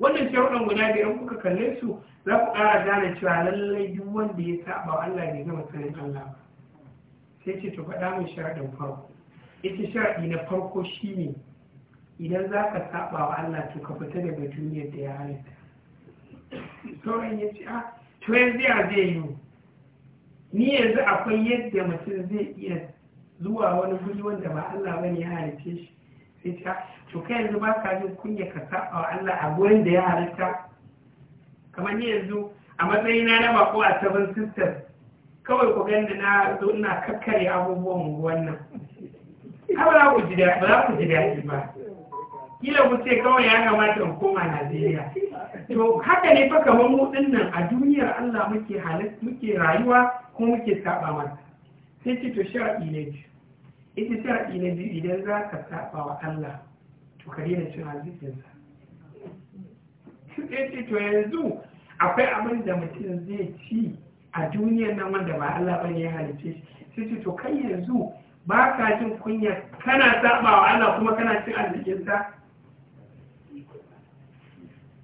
wannan sharuɗan guda biyar kuka kalle su za ku ƙara gane cewa lallai duk wanda ya saba wa Allah bai gama sanin Allah ba sai ce to faɗa min sharaɗin farko ita sharaɗi na farko shine idan za ka saba wa Allah to ka fita daga duniyar da ya halitta sauran ya ce ah to yanzu ya zai yi ni yanzu akwai yadda mutum zai iya zuwa wani guri wanda ba Allah bane ya halitta shi sai to kai yanzu ba ka jin kunya ka saba wa Allah a gurin da ya halitta kamar ni yanzu a matsayin na bako a seven sister kawai ku gani na zo ina kakkare abubuwan wannan. nan ba za ku ji daɗi ba za ku kila ku ce kawai ya kamata mu koma Najeriya to haka ne fa kamar mu nan a duniyar Allah muke muke rayuwa kuma muke saba masa sai ce to shar'i ne ita shar'i na biyu idan za ka saba wa Allah to ka daina cin arzikinsa sai ce to yanzu akwai abin da mutum zai ci a duniyar nan wanda ba Allah ba ne ya halice shi sai ce to kai yanzu ba ka jin kunya kana saba wa Allah kuma kana cin arzikinsa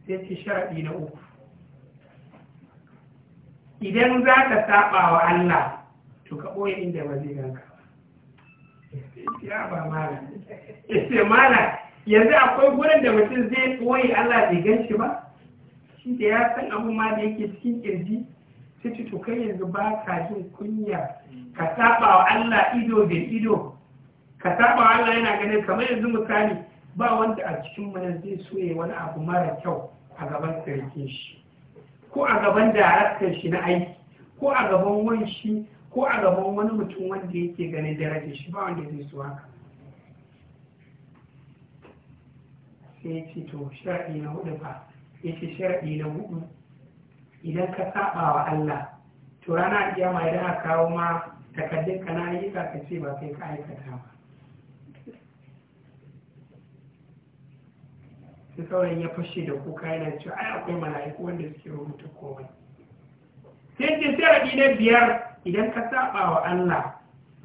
sai ce sha'adi na uku idan za ka saba wa Allah to ka ɓoye inda ba zai ganka ya yanzu akwai gurin da mutum zai koyi Allah bai gan shi ba shi da ya san abin ma da yake cikin kirji sai ci to kai yanzu ba ka jin kunya ka saba wa Allah ido da ido ka saba wa Allah yana ganin kamar yanzu misali ba wanda a cikin mana zai soya wani abu mara kyau a gaban sarkin shi ko a gaban da shi na aiki ko a gaban wanshi. ko a gaban wani mutum wanda yake ganin daraja shi ba wanda zai so haka sai ce to sharaɗi na hudu ba ya ce sharaɗi na hudu idan ka saba wa Allah to rana kiyama idan da kawo ma takaddun ka na ayyuka ka ce ba kai ka aikata ba sai sauran ya fashe da kuka yana cewa ai akwai mala'iku wanda suke rubuta komai sai ce sharaɗi na biyar idan ka saba wa Allah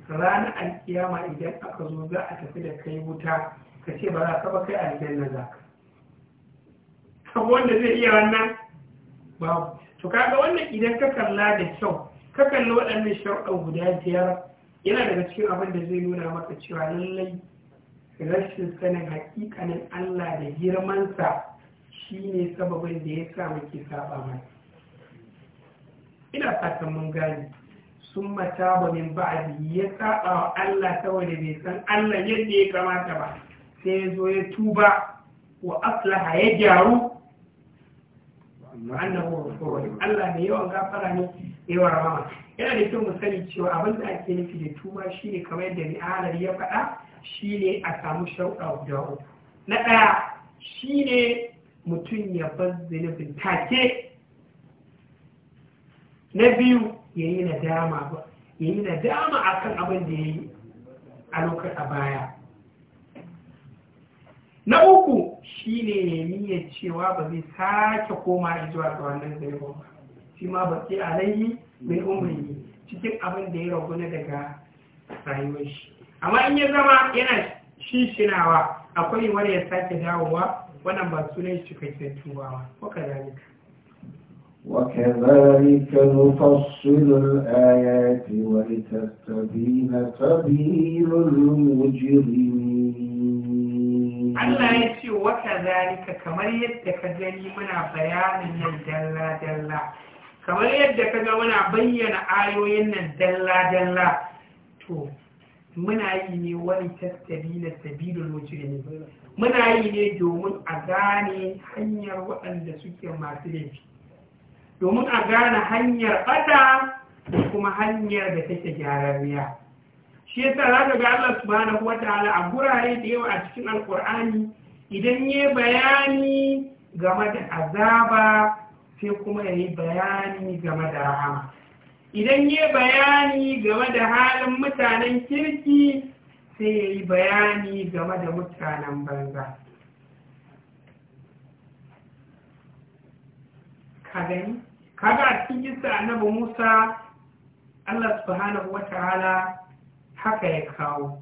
ranar alkiyama idan aka zo za a tafi da kai wuta ka ce ba za ka ba kai aljanna za ka wanda zai iya wannan babu to kaga wannan idan ka kalla da kyau ka kalli waɗannan shar'a guda biyar yana daga cikin abin da zai nuna maka cewa lallai rashin sanin hakikanin Allah da girmansa shine sababin da ya sa muke saba mai ina fatan mun gani sun mata ba min ba'adi ya saba wa Allah saboda bai san Allah yadda ya kamata ba sai ya zo ya tuba wa aslaha ya gyaru annahu wani Allah ne yawan gafara ne yawan rahama yana da kyau mu sani cewa abin da ake nufi da tuba shine kamar yadda alar ya faɗa shine a samu shauɗa guda uku na ɗaya shine mutum ya bar zunubin take na biyu ya yi nadama akan a abin da ya yi a lokacin baya na uku shi ne ya niyyar cewa ba zai sake koma zuwa ga wannan zai ba shi ma ba sai alayyi mai umri cikin abin da ya ragu na daga rayuwar shi amma in ya zama yana shishinawa akwai wani ya sake dawowa wannan ba sunan shi cikakken tubawa ko kazalika وكذلك نفصل الآيات ولتستبين سبيل المجرمين الله يسي وكذلك كما جلي من بيان الدلا دلا كما يتكذني من بيان آيوين الدلا دلا تو muna yi ne wani tattabi na sabilul mujrimin muna yi ne domin a gane domin a gane hanyar bada da kuma hanyar da take gyararriya shi yasa za ka ga Allah subhanahu wataala a gurare da yawa a cikin alkur'ani idan ya bayani game da azaba sai kuma ya yi bayani game da rahama idan ya bayani game da halin mutanen kirki sai ya yi bayani game da mutanen banza ka kaga a cikin kisa annabi Musa Allah subhanahu ta'ala haka ya kawo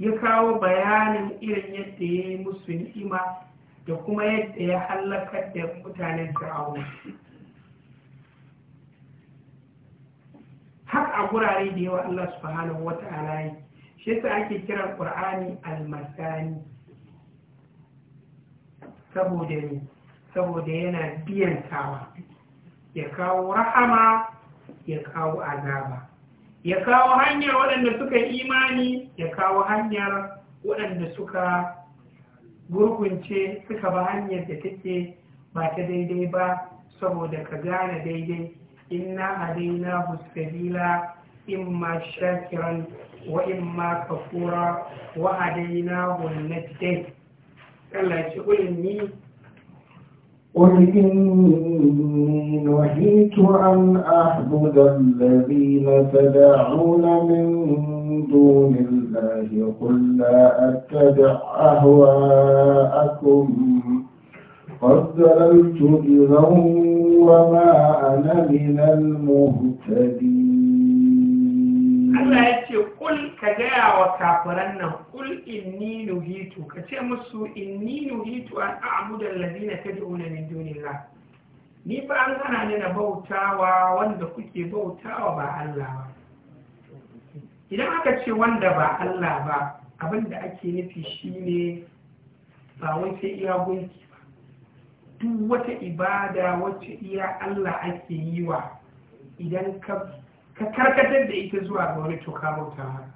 ya kawo bayanin irin yadda ya yi musu ni'ima da kuma yadda ya hallakar da mutanen fir'auna har a gurare da yawa Allah subhanahu ta'ala yi shi yasa ake kiran Qur'ani al-Masani saboda saboda yana biyan tawa ya kawo rahama ya kawo azaba ya kawo hanyar waɗanda suka imani ya kawo hanyar waɗanda suka gurgunce suka ba hanyar da take ba ta daidai ba saboda ka gane daidai inna alaina busabila ma shakiran wa in ma kafura wa alaina wannan dai Allah ya ce ni قل إني نهيت أن أعبد الذين تدعون من دون الله قل لا أتبع أهواءكم قد ذللت إذا وما أنا من المهتدين. الله قل ka gaya wa kafiran nan kul inni nuhitu ka ce musu inni nuhitu an a'budu allazina tad'una min dunillah ni fa an hana ni na bautawa wanda kuke bautawa ba Allah ba idan aka ce wanda ba Allah ba abinda ake nufi shine ba wai sai iya gunki ba duk wata ibada wacce iya Allah ake yi wa idan ka karkatar da ita zuwa ga wani to ka bauta haka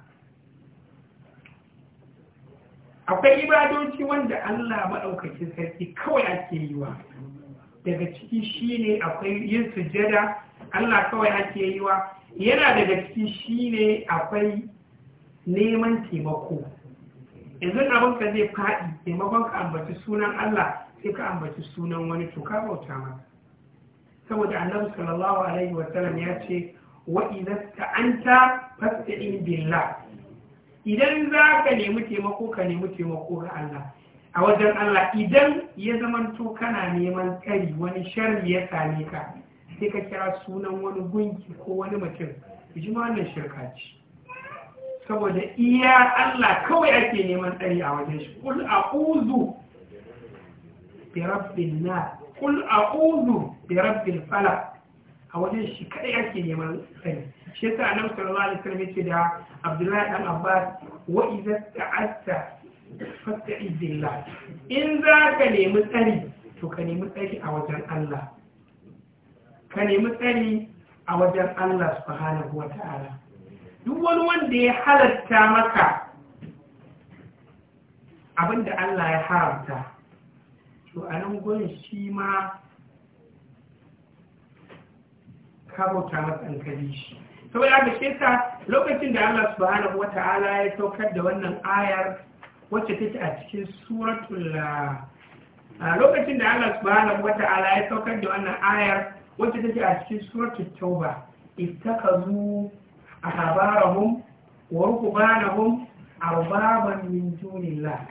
akwai ibadoci wanda Allah maɗaukacin sarki kawai ake yi wa daga ciki shine akwai yin sujjada Allah kawai ake yi wa yana daga ciki shine akwai neman taimako yanzu abin zai faɗi taimakon ka ambaci sunan Allah sai ka ambaci sunan wani to ka bauta masa saboda annabi sallallahu alaihi wa ya ce wa idza ta'anta fasta'in billah idan za ka nemi taimako ka nemi taimako ga Allah a wajen Allah idan ya zamanto kana neman kari wani sharri ya same ka sai ka kira sunan wani gunki ko wani mutum ji wannan shirka ce saboda iya Allah kawai ake neman tsari a wajen shi kul a'udhu bi rabbin nas kul a'udhu bi rabbil falaq a wajen shi kadai ake neman sani shi yasa annabi sallallahu alaihi wasallam yake da Abdullahi dan Abbas wa idza ta'atta fasta'iz billah in za ka nemi tsari to ka nemi tsari a wajen Allah ka nemi tsari a wajen Allah subhanahu ta'ala duk wani wanda ya halatta maka abinda Allah ya haramta to a nan gurin shi ma ka bauta masa in shi saboda haka shi yasa lokacin da Allah subhanahu wata'ala ya saukar da wannan ayar wacce take a cikin suratul ah, lokacin da Allah subhanahu wata'ala ya saukar da wannan ayar wacce take a cikin suratul tauba ittakazu ahbarahum wa rukbanahum arbaban min dunillah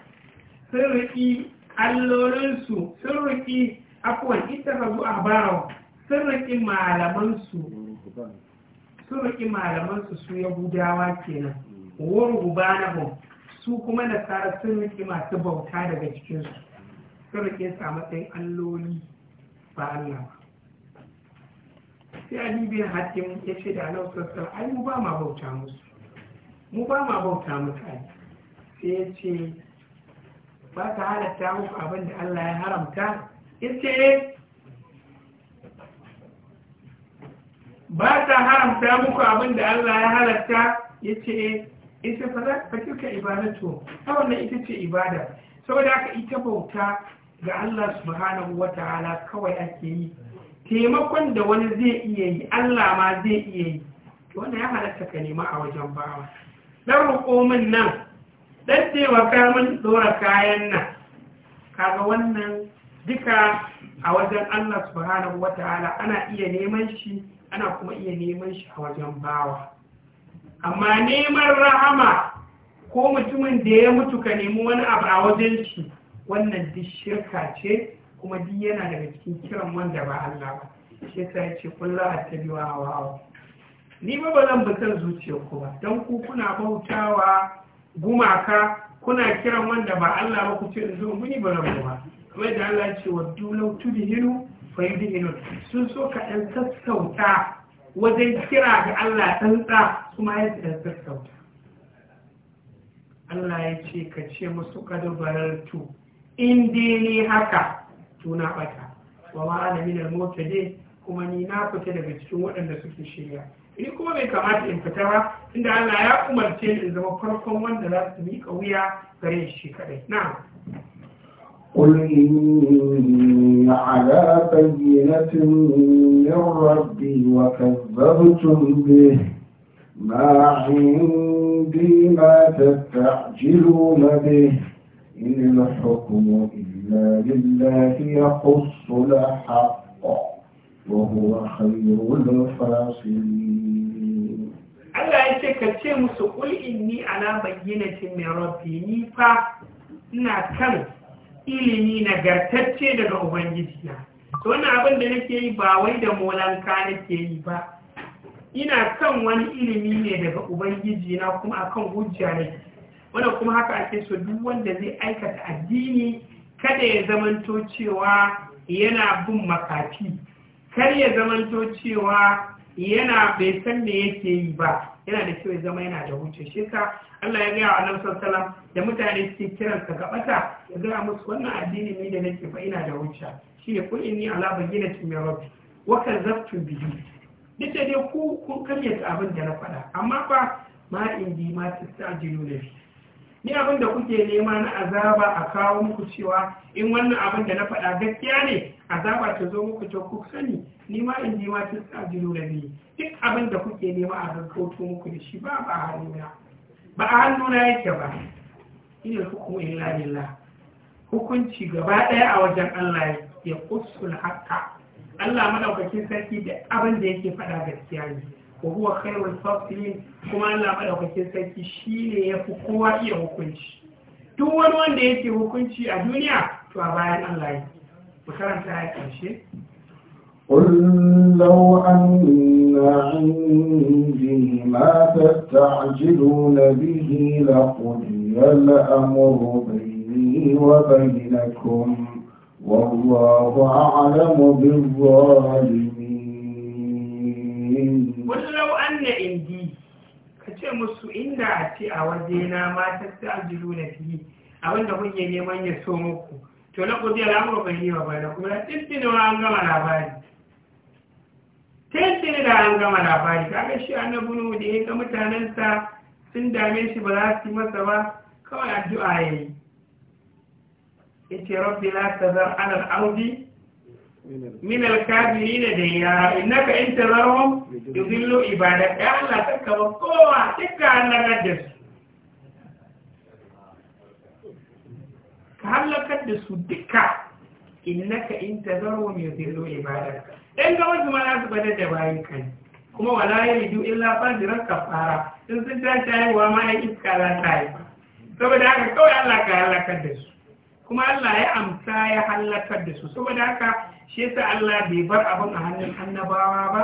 sun riƙi allolinsu sun riƙi afuwan ita ka a sun riƙi malamansu sun riƙi malamansu su yahudawa kenan wani gubanahun su kuma nasara sun riƙi masu bauta daga cikinsu sun riƙe su a matsayin alloli ba Allah ba sai Ali bin mu ya ce da Allah sassan ai mu ba ma bauta musu mu ba ma bauta musu ai sai ya ce ba ta halatta muku abin da Allah ya haramta ya ce eh, ba ta haramta muku abin da Allah ya halatta ya ce eh, ita fa ka kirka ibadatu ta wannan ita ce ibada saboda aka ita bauta ga Allah subhanahu ta'ala kawai ake yi taimakon da wani zai iya yi Allah ma zai iya yi wanda ya halarta ka nema a wajen bawa dan roƙo min nan dan taimaka min dora kayan nan kaga wannan duka a wajen Allah subhanahu ta'ala? ana iya neman shi ana kuma iya neman shi a wajen bawa amma neman rahama ko mutumin da ya mutu ka nemi wani abu a wajen shi wannan duk shirka ce kuma duk yana daga cikin kiran wanda ba Allah ba shi yasa ya ce tabiwa awa wawa ni ba ba zan bisan zuciya ku ba don ku kuna bautawa gumaka kuna kiran wanda ba Allah ba ku ce in zo muni ba ba kamar da Allah ya ce wa dulau hinu fahimci minun sun so ka ɗan sassauta wajen kira ga Allah tsantsa kuma ya ɗan sassauta Allah ya ce ka ce musu barar tu in dai haka tuna ɓata, wa ma min al-mota kuma ni na fita daga cikin waɗanda suke shirya ni kuma bai kamata in fita ba inda Allah ya umarce ni in zama farkon wanda za su mika wuya gare shi kaɗai na'am قل إني على بينة من ربي وكذبتم به ما عندي ما تستعجلون به إن الحكم إلا لله يقص الحق وهو خير الفاصلين Allah ya ce ka ce musu kul inni ala bayyinatin min ni fa ina kan ilimi nagartacce daga ubangiji na to wani abin da nake yi ba wai da molanka nake yi ba ina kan wani ilimi ne daga ubangiji na kuma akan hujja ne. wannan kuma haka ake so duk wanda zai aikata addini kada ya zamanto cewa yana bin makafi kar ya zamanto cewa yana bai san me yake yi ba yana da kyau ya zama yana da wuce. shi yasa Allah ya gaya wa Annabi sallallahu da mutane suke kiran ka gabata ya gaya musu wannan addini ne da nake fa ina da hujja shine kun inni ala tin ya rabbi wa kadzabtu bihi duk da dai ku kun ta abin da na faɗa amma fa ma indi ma tastajilu ne ni abin da kuke nema na azaba a kawo muku cewa in wannan abin da na faɗa gaskiya ne azaba ta zo muku ta ku sani ni ma in ji ma ta tsajiru da ni duk abin da kuke nema a gaggauto muku da shi ba ba a hannuna ba a hannuna yake ba ina hukumu illa lillah hukunci gaba ɗaya a wajen Allah ya kusul haka Allah madaukakin sarki da abin da yake faɗa gaskiya ne ko huwa khairul fasilin kuma Allah madaukakin sarki shine fi kowa iya hukunci duk wani wanda yake hukunci a duniya to a bayan Allah yake karanta a ƙarshe قل لو أن عندي ما تستعجلون به لقضي الأمر بيني وبينكم والله أعلم بالظالمين قل لو أن عندي كتمس إن أتي أودينا ما تستعجلون به أولا هي يمن يسومكم to na kuzi al'amuru bai yi wa bai na kuma tintini wa an gama labari tintini da an gama labari kaga shi annabi nu da yake mutanen mutanensa sun dame shi ba za su yi masa ba kawai addu'a ya yi yace rabbi la tazar ala al-ardi min al-kafirin da ya innaka in tazarhum yudillu ibadaka ya Allah takka kowa tikka annabawa da su halakar da su duka innaka in tazarhum yudillu ibadaka dan ga wasu ma su badar da bayin kan kuma wala yalidu illa fajran kafara in sun tashi wa ma yi iska za ta ba. saboda haka kawai Allah ka halakar da su kuma Allah ya amsa ya halakar da su saboda haka shi yasa Allah bai bar abun a hannun annabawa ba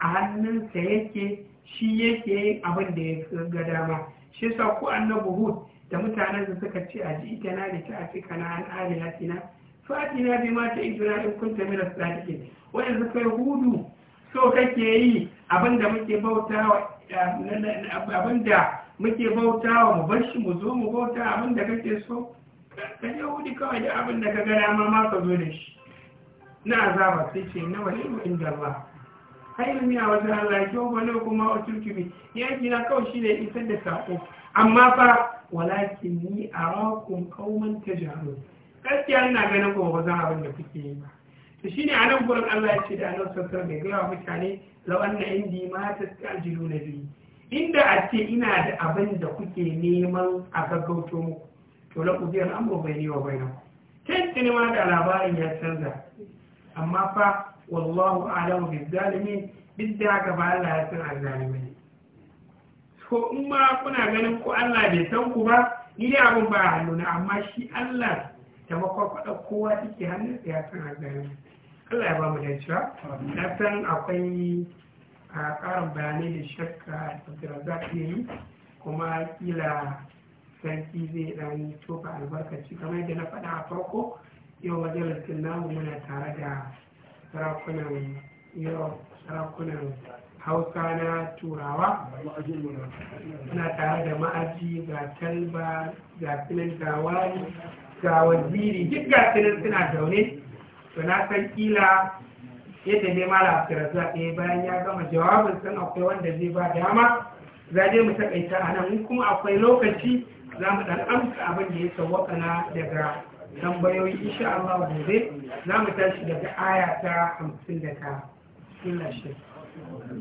a hannunsa yake shi yake yin abin da ya ga dama shi yasa ku annabi da mutanen da suka ce a ji ita na da ta a cika na an Fati na bi ma ta iduna in kunta min as-sadiqin wanda suka yi hudu so kake yi abinda muke bautawa eh, abinda muke bautawa mu bar shi mu zo mu bauta abinda kake so ka je hudu kawai da abinda ka gana ma ma ka zo da shi na azaba sai ce na wani mu inda ba ka a wajen Allah ya kyau kuma a turkumi yaki na kawai shi ne isar da sako amma fa walakin ni a kauman ta tajhalun gaskiya ina ganin kuma ba za abin da kuke yi ba to ne a nan gurin Allah ya ce da Allah sassar da gaya mutane law anna indi ma na biyu. inda a ce ina da abin da kuke neman a gaggauto muku to la an amru bayni wa bainakum tantini ma da labarin ya canza amma fa wallahu a'lamu bizzalimin duk da haka ba Allah ya san azzalimai ko in ma kuna ganin ko Allah bai san ku ba ni dai abun ba na amma shi Allah da makwakwada kowa take hannunsa ya san hannun Allah ya ba mu dacewa na san akwai a ƙarin bayanai da shakka za ta yi kuma kila sarki zai dan tofa albarkaci kamar yadda na faɗa a farko yau majalisar namu muna tare da sarakunan yau sarakunan hausa na turawa suna tare da ma'aji ga talba ga sinin gawari ga waziri duk ga suna zaune to na san kila yadda ne mala abdurrazza ɗaya bayan ya gama jawabin san akwai wanda zai ba dama za je mu takaita a nan kuma akwai lokaci za mu ɗan amsa abin da ya sauwaka na daga tambayoyi insha Allah gobe za mu tashi daga aya ta 59 shi.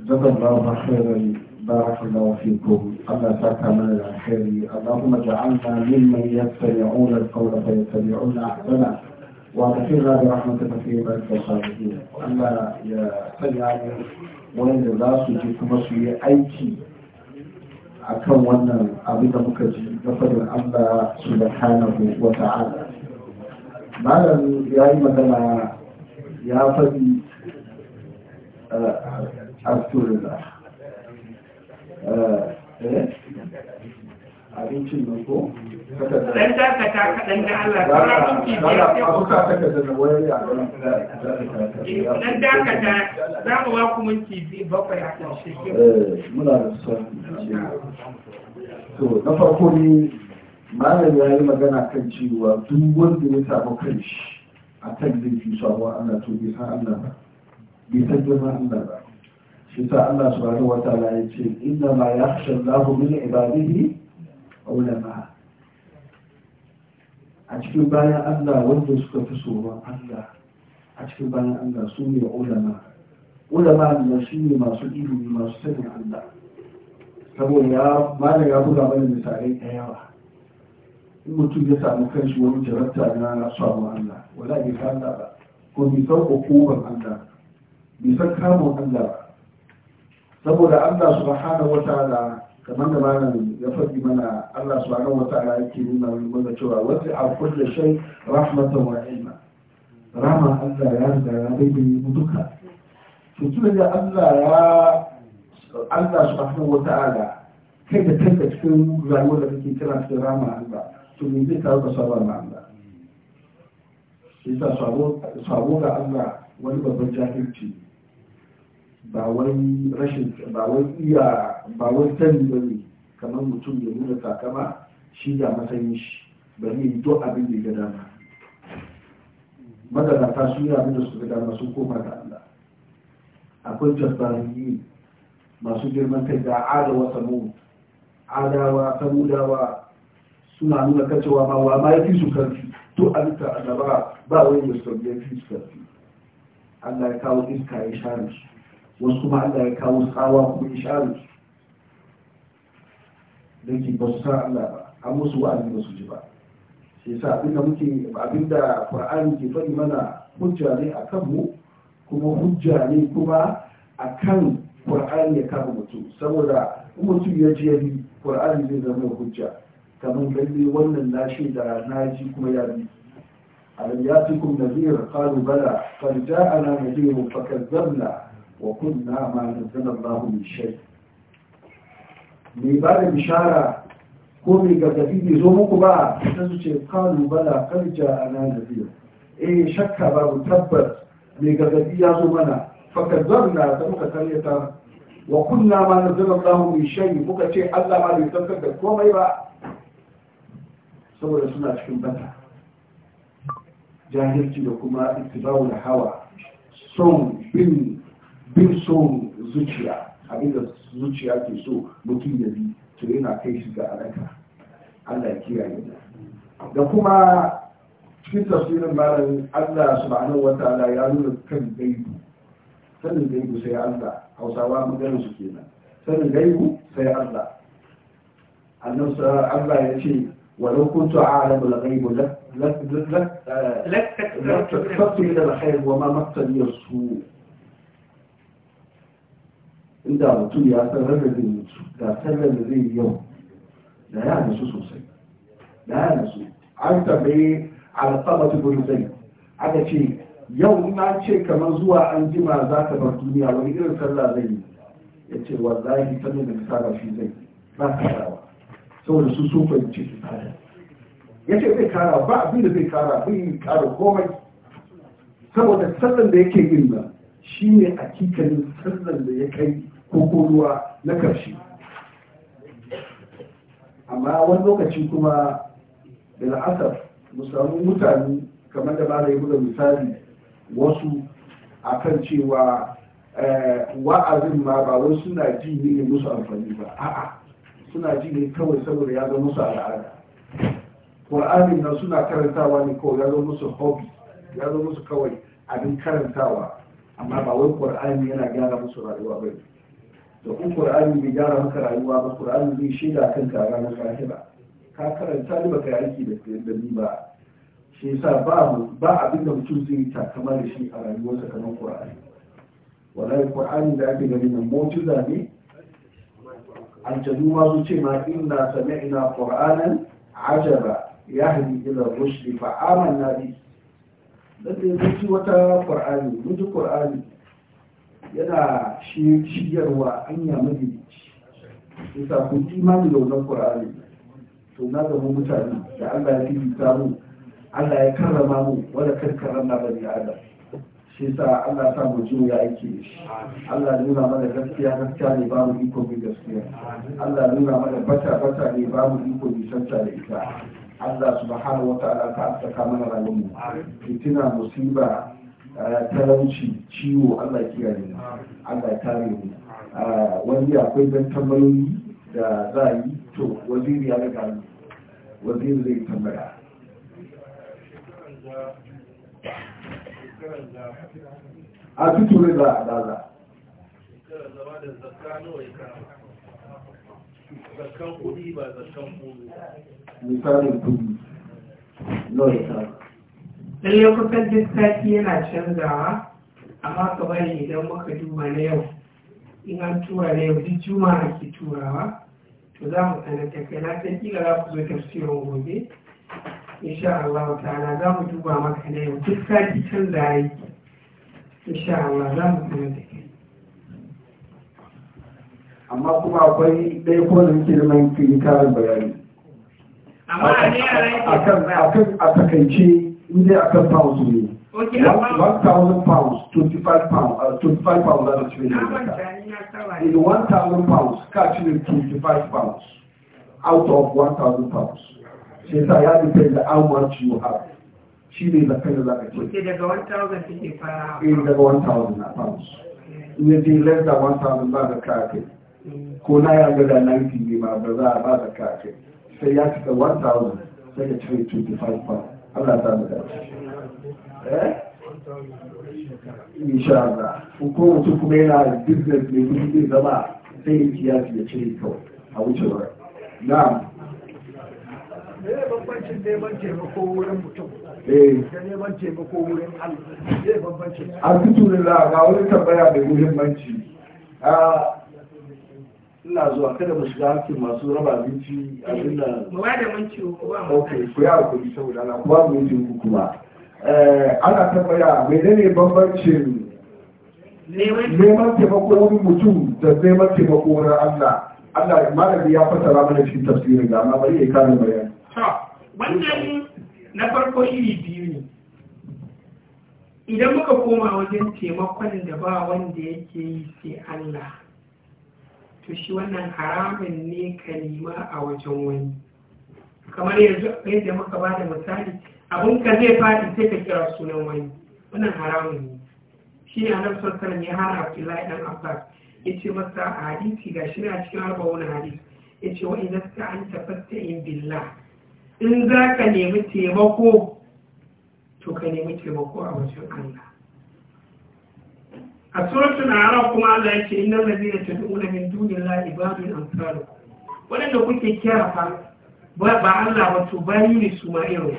جزا الله خيرا بارك الله فيكم الله تكرم لنا خير اللهم اجعلنا ممن يتبعون القول فيتبعون احسنه وكثيرا برحمتك في عبادك الصالحين أما يا سيدي وين لا سجي كما سوي أي أكون وانا أبدا مكجي نفر الأمبا سبحانه وتعالى ما لن يأي مدنا يا فدي astagfirullah eh, eh abincin nan ko dan dakata kaɗan da Allah ta yi abinci biyar yau dan dakata za mu ba ku minti bakwai a ƙarshe eh, muna da son to na farko ne malam ya yi magana kan cewa duk wanda ya samu kanshi a kan zai fi shawo Allah to bai san Allah ba bai san girman Allah ba shi sa Allah subhanahu wa ta'ala ya ce inna ma yakhsha Allahu min ibadihi ulama a cikin bayan Allah wanda suka fi tsoron Allah a cikin bayan Allah su ne ulama ulama da shi ne masu ilimi masu sanin Allah saboda ya mana ya buga mana misalai da yawa in mutum ya samu kanshi wani jarabta na samu Allah wala bai san Allah ba ko bai san hukumar Allah bai san kamun Allah ba saboda Allah subhanahu wataala kamar da bana ya faɗi mana Allah subhanahu wataala yake nuna mana cewa wasi a kulli shay rahmatan wa ilma Rama Allah ya riga ya daidai mu duka to tun da Allah ya Allah subhanahu wataala kai da kanka cikin rayuwar da kake kira cikin rama Allah to me zai kawo ka saba ma Allah shi yasa sabo ga Allah wani babban jahilci ne ba wai rashin ba wai iya ba wai sani ba ne kamar mutum ya nuna sakama shi ya matsayin shi ba ne yi duk abin da ya dama ta su yi abin da su dama sun koma ga Allah akwai jabbariyi masu girman kai da adawa samu adawa samudawa suna nuna kacewa ma wa ma su karfi to a duka ba wani musulmi ya fi su karfi Allah ya kawo iska ya share su wasu kuma Allah ya kawo tsawa kuma ya share su don ba su san Allah ba an musu wa'azi ba su ji ba sai sa abinda muke abinda Qur'ani ke faɗi mana hujja ne akan mu kuma hujja ne kuma akan Qur'ani ya kama mutum saboda in mutum ya ji ya Qur'ani zai zama hujja kamar lalle wannan na shaida na ji kuma ya bi alam yatikum nadhir qalu bala qad ja'ana nadhir fakazzabna وكنا ما نزل الله من شيء mai ba da bishara ko mai gargaɗi bai zo muku ba ta su ce kalu bala karja a nan da biyu shakka babu tabbas mai gargaɗi ya zo mana fakar zarna da muka karyata wa kunna ma na zira zahu mai shayi muka ce allah ma bai tsarkar da komai ba saboda suna cikin bata jahilci da kuma ittibawu da hawa son bin bin son zuciya abinda zuciya ke so mutum ya bi to yana kai shi ga alaka Allah ya kiyaye da kuma cikin tafsirin malam Allah subhanahu wataala ya nuna kan gaibu sanin gaibu sai Allah Hausawa maganar su kenan sanin gaibu sai Allah annabi Allah ya ce walau kuntu a'lamu al-ghaibu la la la la la la la inda mutum ya san rarrabin mutu da sallar da zai yau da ya nasu sosai da ya nasu an tambaye alƙamatu bin zai aka ce yau na ce kamar zuwa an jima za ka bar duniya wani irin sallah zai yi ya ce wallahi sannan da ka saba shi zai ba ka karawa saboda su sun fahimci su tsada ya ce zai kara ba abin da zai kara bai kara komai saboda sallar da yake yin ba shi ne a kikanin sallar da ya kai ruwa na ƙarshe amma wani lokaci kuma da la'asar musamman mutane kamar da ba da misali wasu akan cewa eh, wa'azin ma ba wai suna ji ne musu amfani ba a'a suna ji ne kawai saboda ya zama musu al'ada ƙwar'anin nan suna karantawa ne kawai ya zama musu hobby ya zama musu kawai abin karantawa amma ba wai ƙwar'ani yana gyara musu rayuwa ba ne da kun qur'ani bai gyara maka rayuwa ba qur'ani zai shaida kan ka na lahira ka karanta ni baka da aiki da ni ba shi yasa ba ba abin da mutum zai takama da shi a rayuwarsa kamar qur'ani wallahi ƙur'ani da ake gani nan mu'jiza ne aljanu ma su ce ma inna sami'na qur'anan ajaba yahdi ila rushd fa amanna bi da zai wata qur'ani mun ji qur'ani yana shiyarwa anya mabirici isa kun imani da wannan qur'ani to na zama mutane da Allah ya fifita mu Allah ya karrama mu wadda kan karrama ya adam shi sa Allah ta mu ji ya aiki Allah nuna mana gaskiya gaskiya ne ba mu iko bi gaskiya Allah nuna mana bata bata ne ba mu iko bi canta da ita Allah subhanahu wa ta'ala ka saka mana rayuwa mu fitina musiba talauci ciwo Allah kiyaye mu Allah kare mu wani akwai dan tambayoyi da za yi to waziri ya ga waziri zai tambaya a tuturi za a daza misalin kudi nawa ya kama lalle kusan duk sati yana canzawa amma ka bari idan muka duba na yau in an tura na yau duk juma'a ke turawa to za mu tsananta kai na san kila za ku zo tafsirin gobe insha Allah ta'ala za mu duba maka na yau duk sati canza In insha Allah za mu tsananta kai amma kuma akwai ɗaya ko da yake da man kiri a bayani a kan a takaice India account pounds to me. Okay, one, one thousand pounds, twenty-five pounds, uh, twenty-five pounds that is really In one thousand pounds, catch me twenty-five pounds out of one thousand pounds. She Since I have on how much you have. She means the kind like a Okay, there's one thousand twenty-five. In the one thousand pounds. With the less than one thousand by the cracket. Ko nine hundred and ninety, my brother, by the cracket. Say, yes, the one thousand, secretary, twenty-five pounds. Allah ta mu dace eh insha Allah ko mutum kuma yana da business ne kuma zai zama sai ya kiyasi ya cire kawai a wucewar na'am me bambancin neman taimako wurin mutum eh. da neman taimako wurin Allah zai bambancin alhamdulillah ga wani tambaya mai muhimmanci ah, ina zuwa kada mu shiga hakkin masu raba abinci abin da mu ba da minti uku ba mu ok ku ya hakuri saboda ana kuma minti uku kuma eh, ana tambaya menene bambancin neman taimako wani mutum da neman taimako wurin Allah Allah malami ya fasara mana cikin tafsirin da amma bari ya kare bayani to wannan na farko iri biyu ne idan muka koma wajen taimakon da ba wanda yake yi sai Allah to shi wannan haramun ne kalima a wajen wani kamar yanzu yadda muka ba da misali abin ka zai faɗi sai ka kira sunan wani wannan haramun ne shi ne anan sassanin ya hana Abdullahi dan Abbas ce masa a hadisi ga shi na cikin harba wani hadisi wani wa an tafasta in billa. in za ka nemi taimako to ka nemi taimako a wajen Allah a suratul araf kuma Allah yake innal ladina tad'una min dunillahi ibadun amsalukum wadanda kuke kira fa ba Allah wato bayi ne su ma irin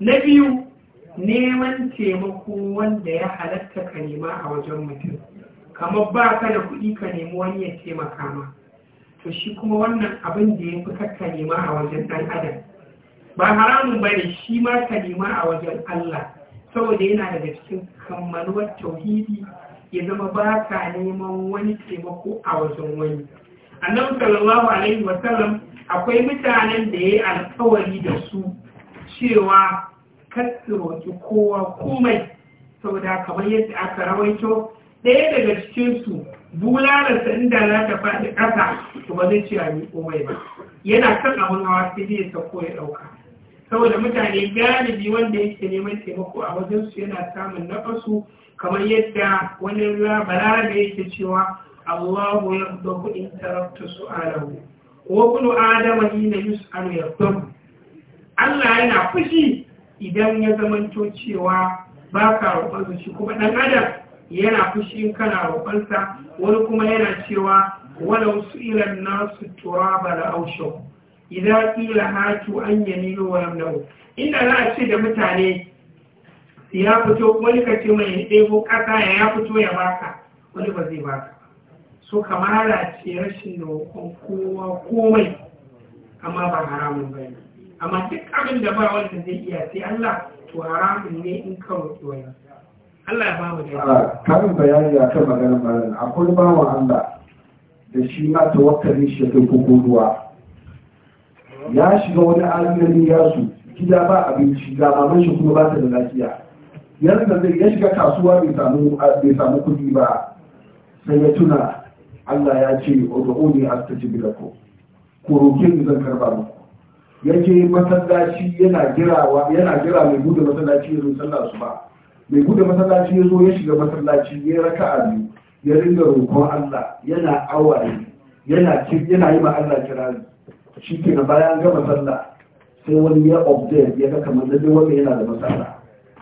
na biyu neman taimako wanda ya halatta ka nema a wajen mutum kamar ba ka da kuɗi ka nemi wani ya taimaka ma to shi kuma wannan abin da ya fi kakka nema a wajen ɗan adam ba haramun ba ne shi ma ka nema a wajen Allah saboda yana daga cikin kammaluwar tauhidi ya zama ba ka neman wani taimako a wajen wani annabi sallallahu alaihi wasallam akwai mutanen da ya yi alkawari da su cewa kar su roƙi kowa komai saboda kamar yadda aka rawaito ɗaya daga cikinsu bulalarsa inda za ta faɗi ƙasa to ba zai ce a miƙo komai ba yana kan abin hawa sai zai sauko ya ɗauka saboda mutane galibi wanda yake neman taimako a wajen su yana samun nafasu kamar yadda wani da yake cewa Allahu ya dabu in tarabta su'alahu wa kullu adama hina yus'alu yaqum Allah yana fushi idan ya zamanto cewa baka roƙon shi kuma dan adam yana fushi in kana roƙonsa wani kuma yana cewa walau su'ilan nasu turaba la aushau idza qila hatu an yamilu wa yamnu inda za a ce da mutane ya fito wani ka ce mai ko ƙasa ya ya fito ya baka wani ba zai baka so kamara ce rashin roƙon kowa komai amma ba haramun ba ne amma duk abin da ba wanda zai iya sai Allah to haramun ne in ka roƙi wani Allah ya ba mu da karin bayani akan maganar malam akwai bawan Allah da shi ma tawakkali shi ya kai ruwa ya shiga wani alin yasu gida ba abinci ga maman shi kuma ba ta da lafiya yadda zai ya shiga kasuwa bai samu bai kuɗi ba sai ya tuna Allah ya ce ud'uni astajib lakum ku roke ni zan karba muku ce masallaci yana gira yana jira mai bude masallaci ya zo sallah su ba mai bude masallaci ya zo ya shiga masallaci ya raka'a biyu ya ringa roƙon Allah yana awaye yana yi ma Allah kirari shi ke na bayan gama sallah sai wani ya observe ya ga kamar da wani yana da matsala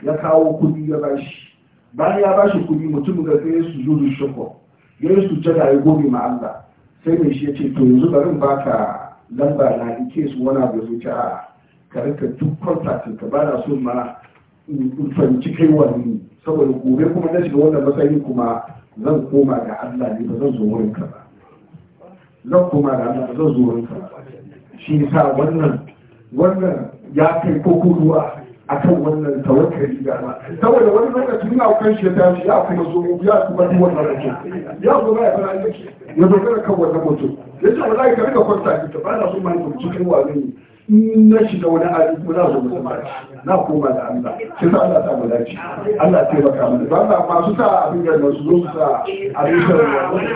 ya kawo kudi ya bashi bayan ya bashi kudi mutum ga sai su zo da shako ya yi su jada ya gobe ma Allah sai mai shi ya ce to yanzu barin baka lamba na in case wani abu zai ta ka rika duk kontaktin ka ba na so ma in fahimci kai wani saboda gobe kuma na shiga wannan matsayin kuma zan koma ga Allah ne ba zan zo wurin ka ba zan koma ga Allah ba zan zo wurin ka ba shi sa wannan wannan ya kai kokoruwa a kan wannan tawakkali ga Allah saboda wani lokaci ina kan shi ta shi ya kuma zo ya kuma yi wannan rake ya zo ba ya fara yake ya zo kana kan wannan mutum ya ce wallahi ka rika kwanta ki ta bana so mai mutum cikin wani na shiga wani hali kuma na zo musamman na koma da Allah sai sa Allah ta mu dace Allah ya taimaka mu ba Allah masu sa abin da su zo su sa abin da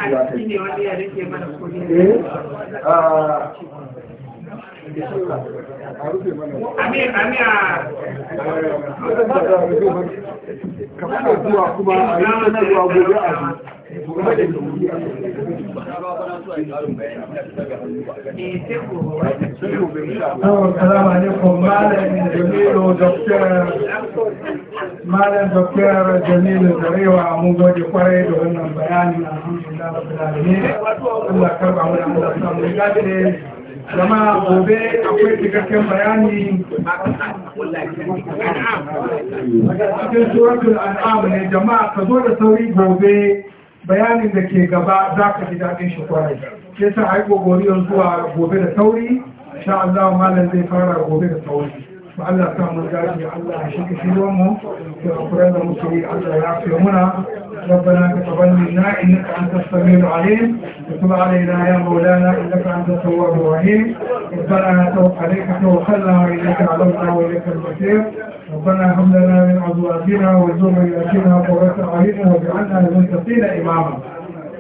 ya kai eh ah, Amin, amina. Kafin zuwa kuma a yi sanarwa gobe a Assalamu alaikum Malam Jamilu Dr. Malam Dr. Jamilu Zarewa mun gode kwarai da wannan bayanin alhamdulillah rabbil alamin. Allah karba mu da Allah samu gabe zama gobe akwai cikakken bayani a cikin suratul an'am ne jama'a ka zo da sauri gobe bayanin da ke gaba za ka ji daɗin shi kwarai ke sa aiko goriyar zuwa gobe da sauri sha Allah malam zai fara gobe da sauri to Allah ta mu gaji Allah shi ka shi mu to akwai da ربنا تقبل منا انك انت السميع العليم وتب علينا يا مولانا انك انت التواب الرحيم ربنا عليك توكلنا انك علمنا واليك المصير ربنا هم لنا من ازواجنا وذرياتنا قرة اعين واجعلنا تقينا اماما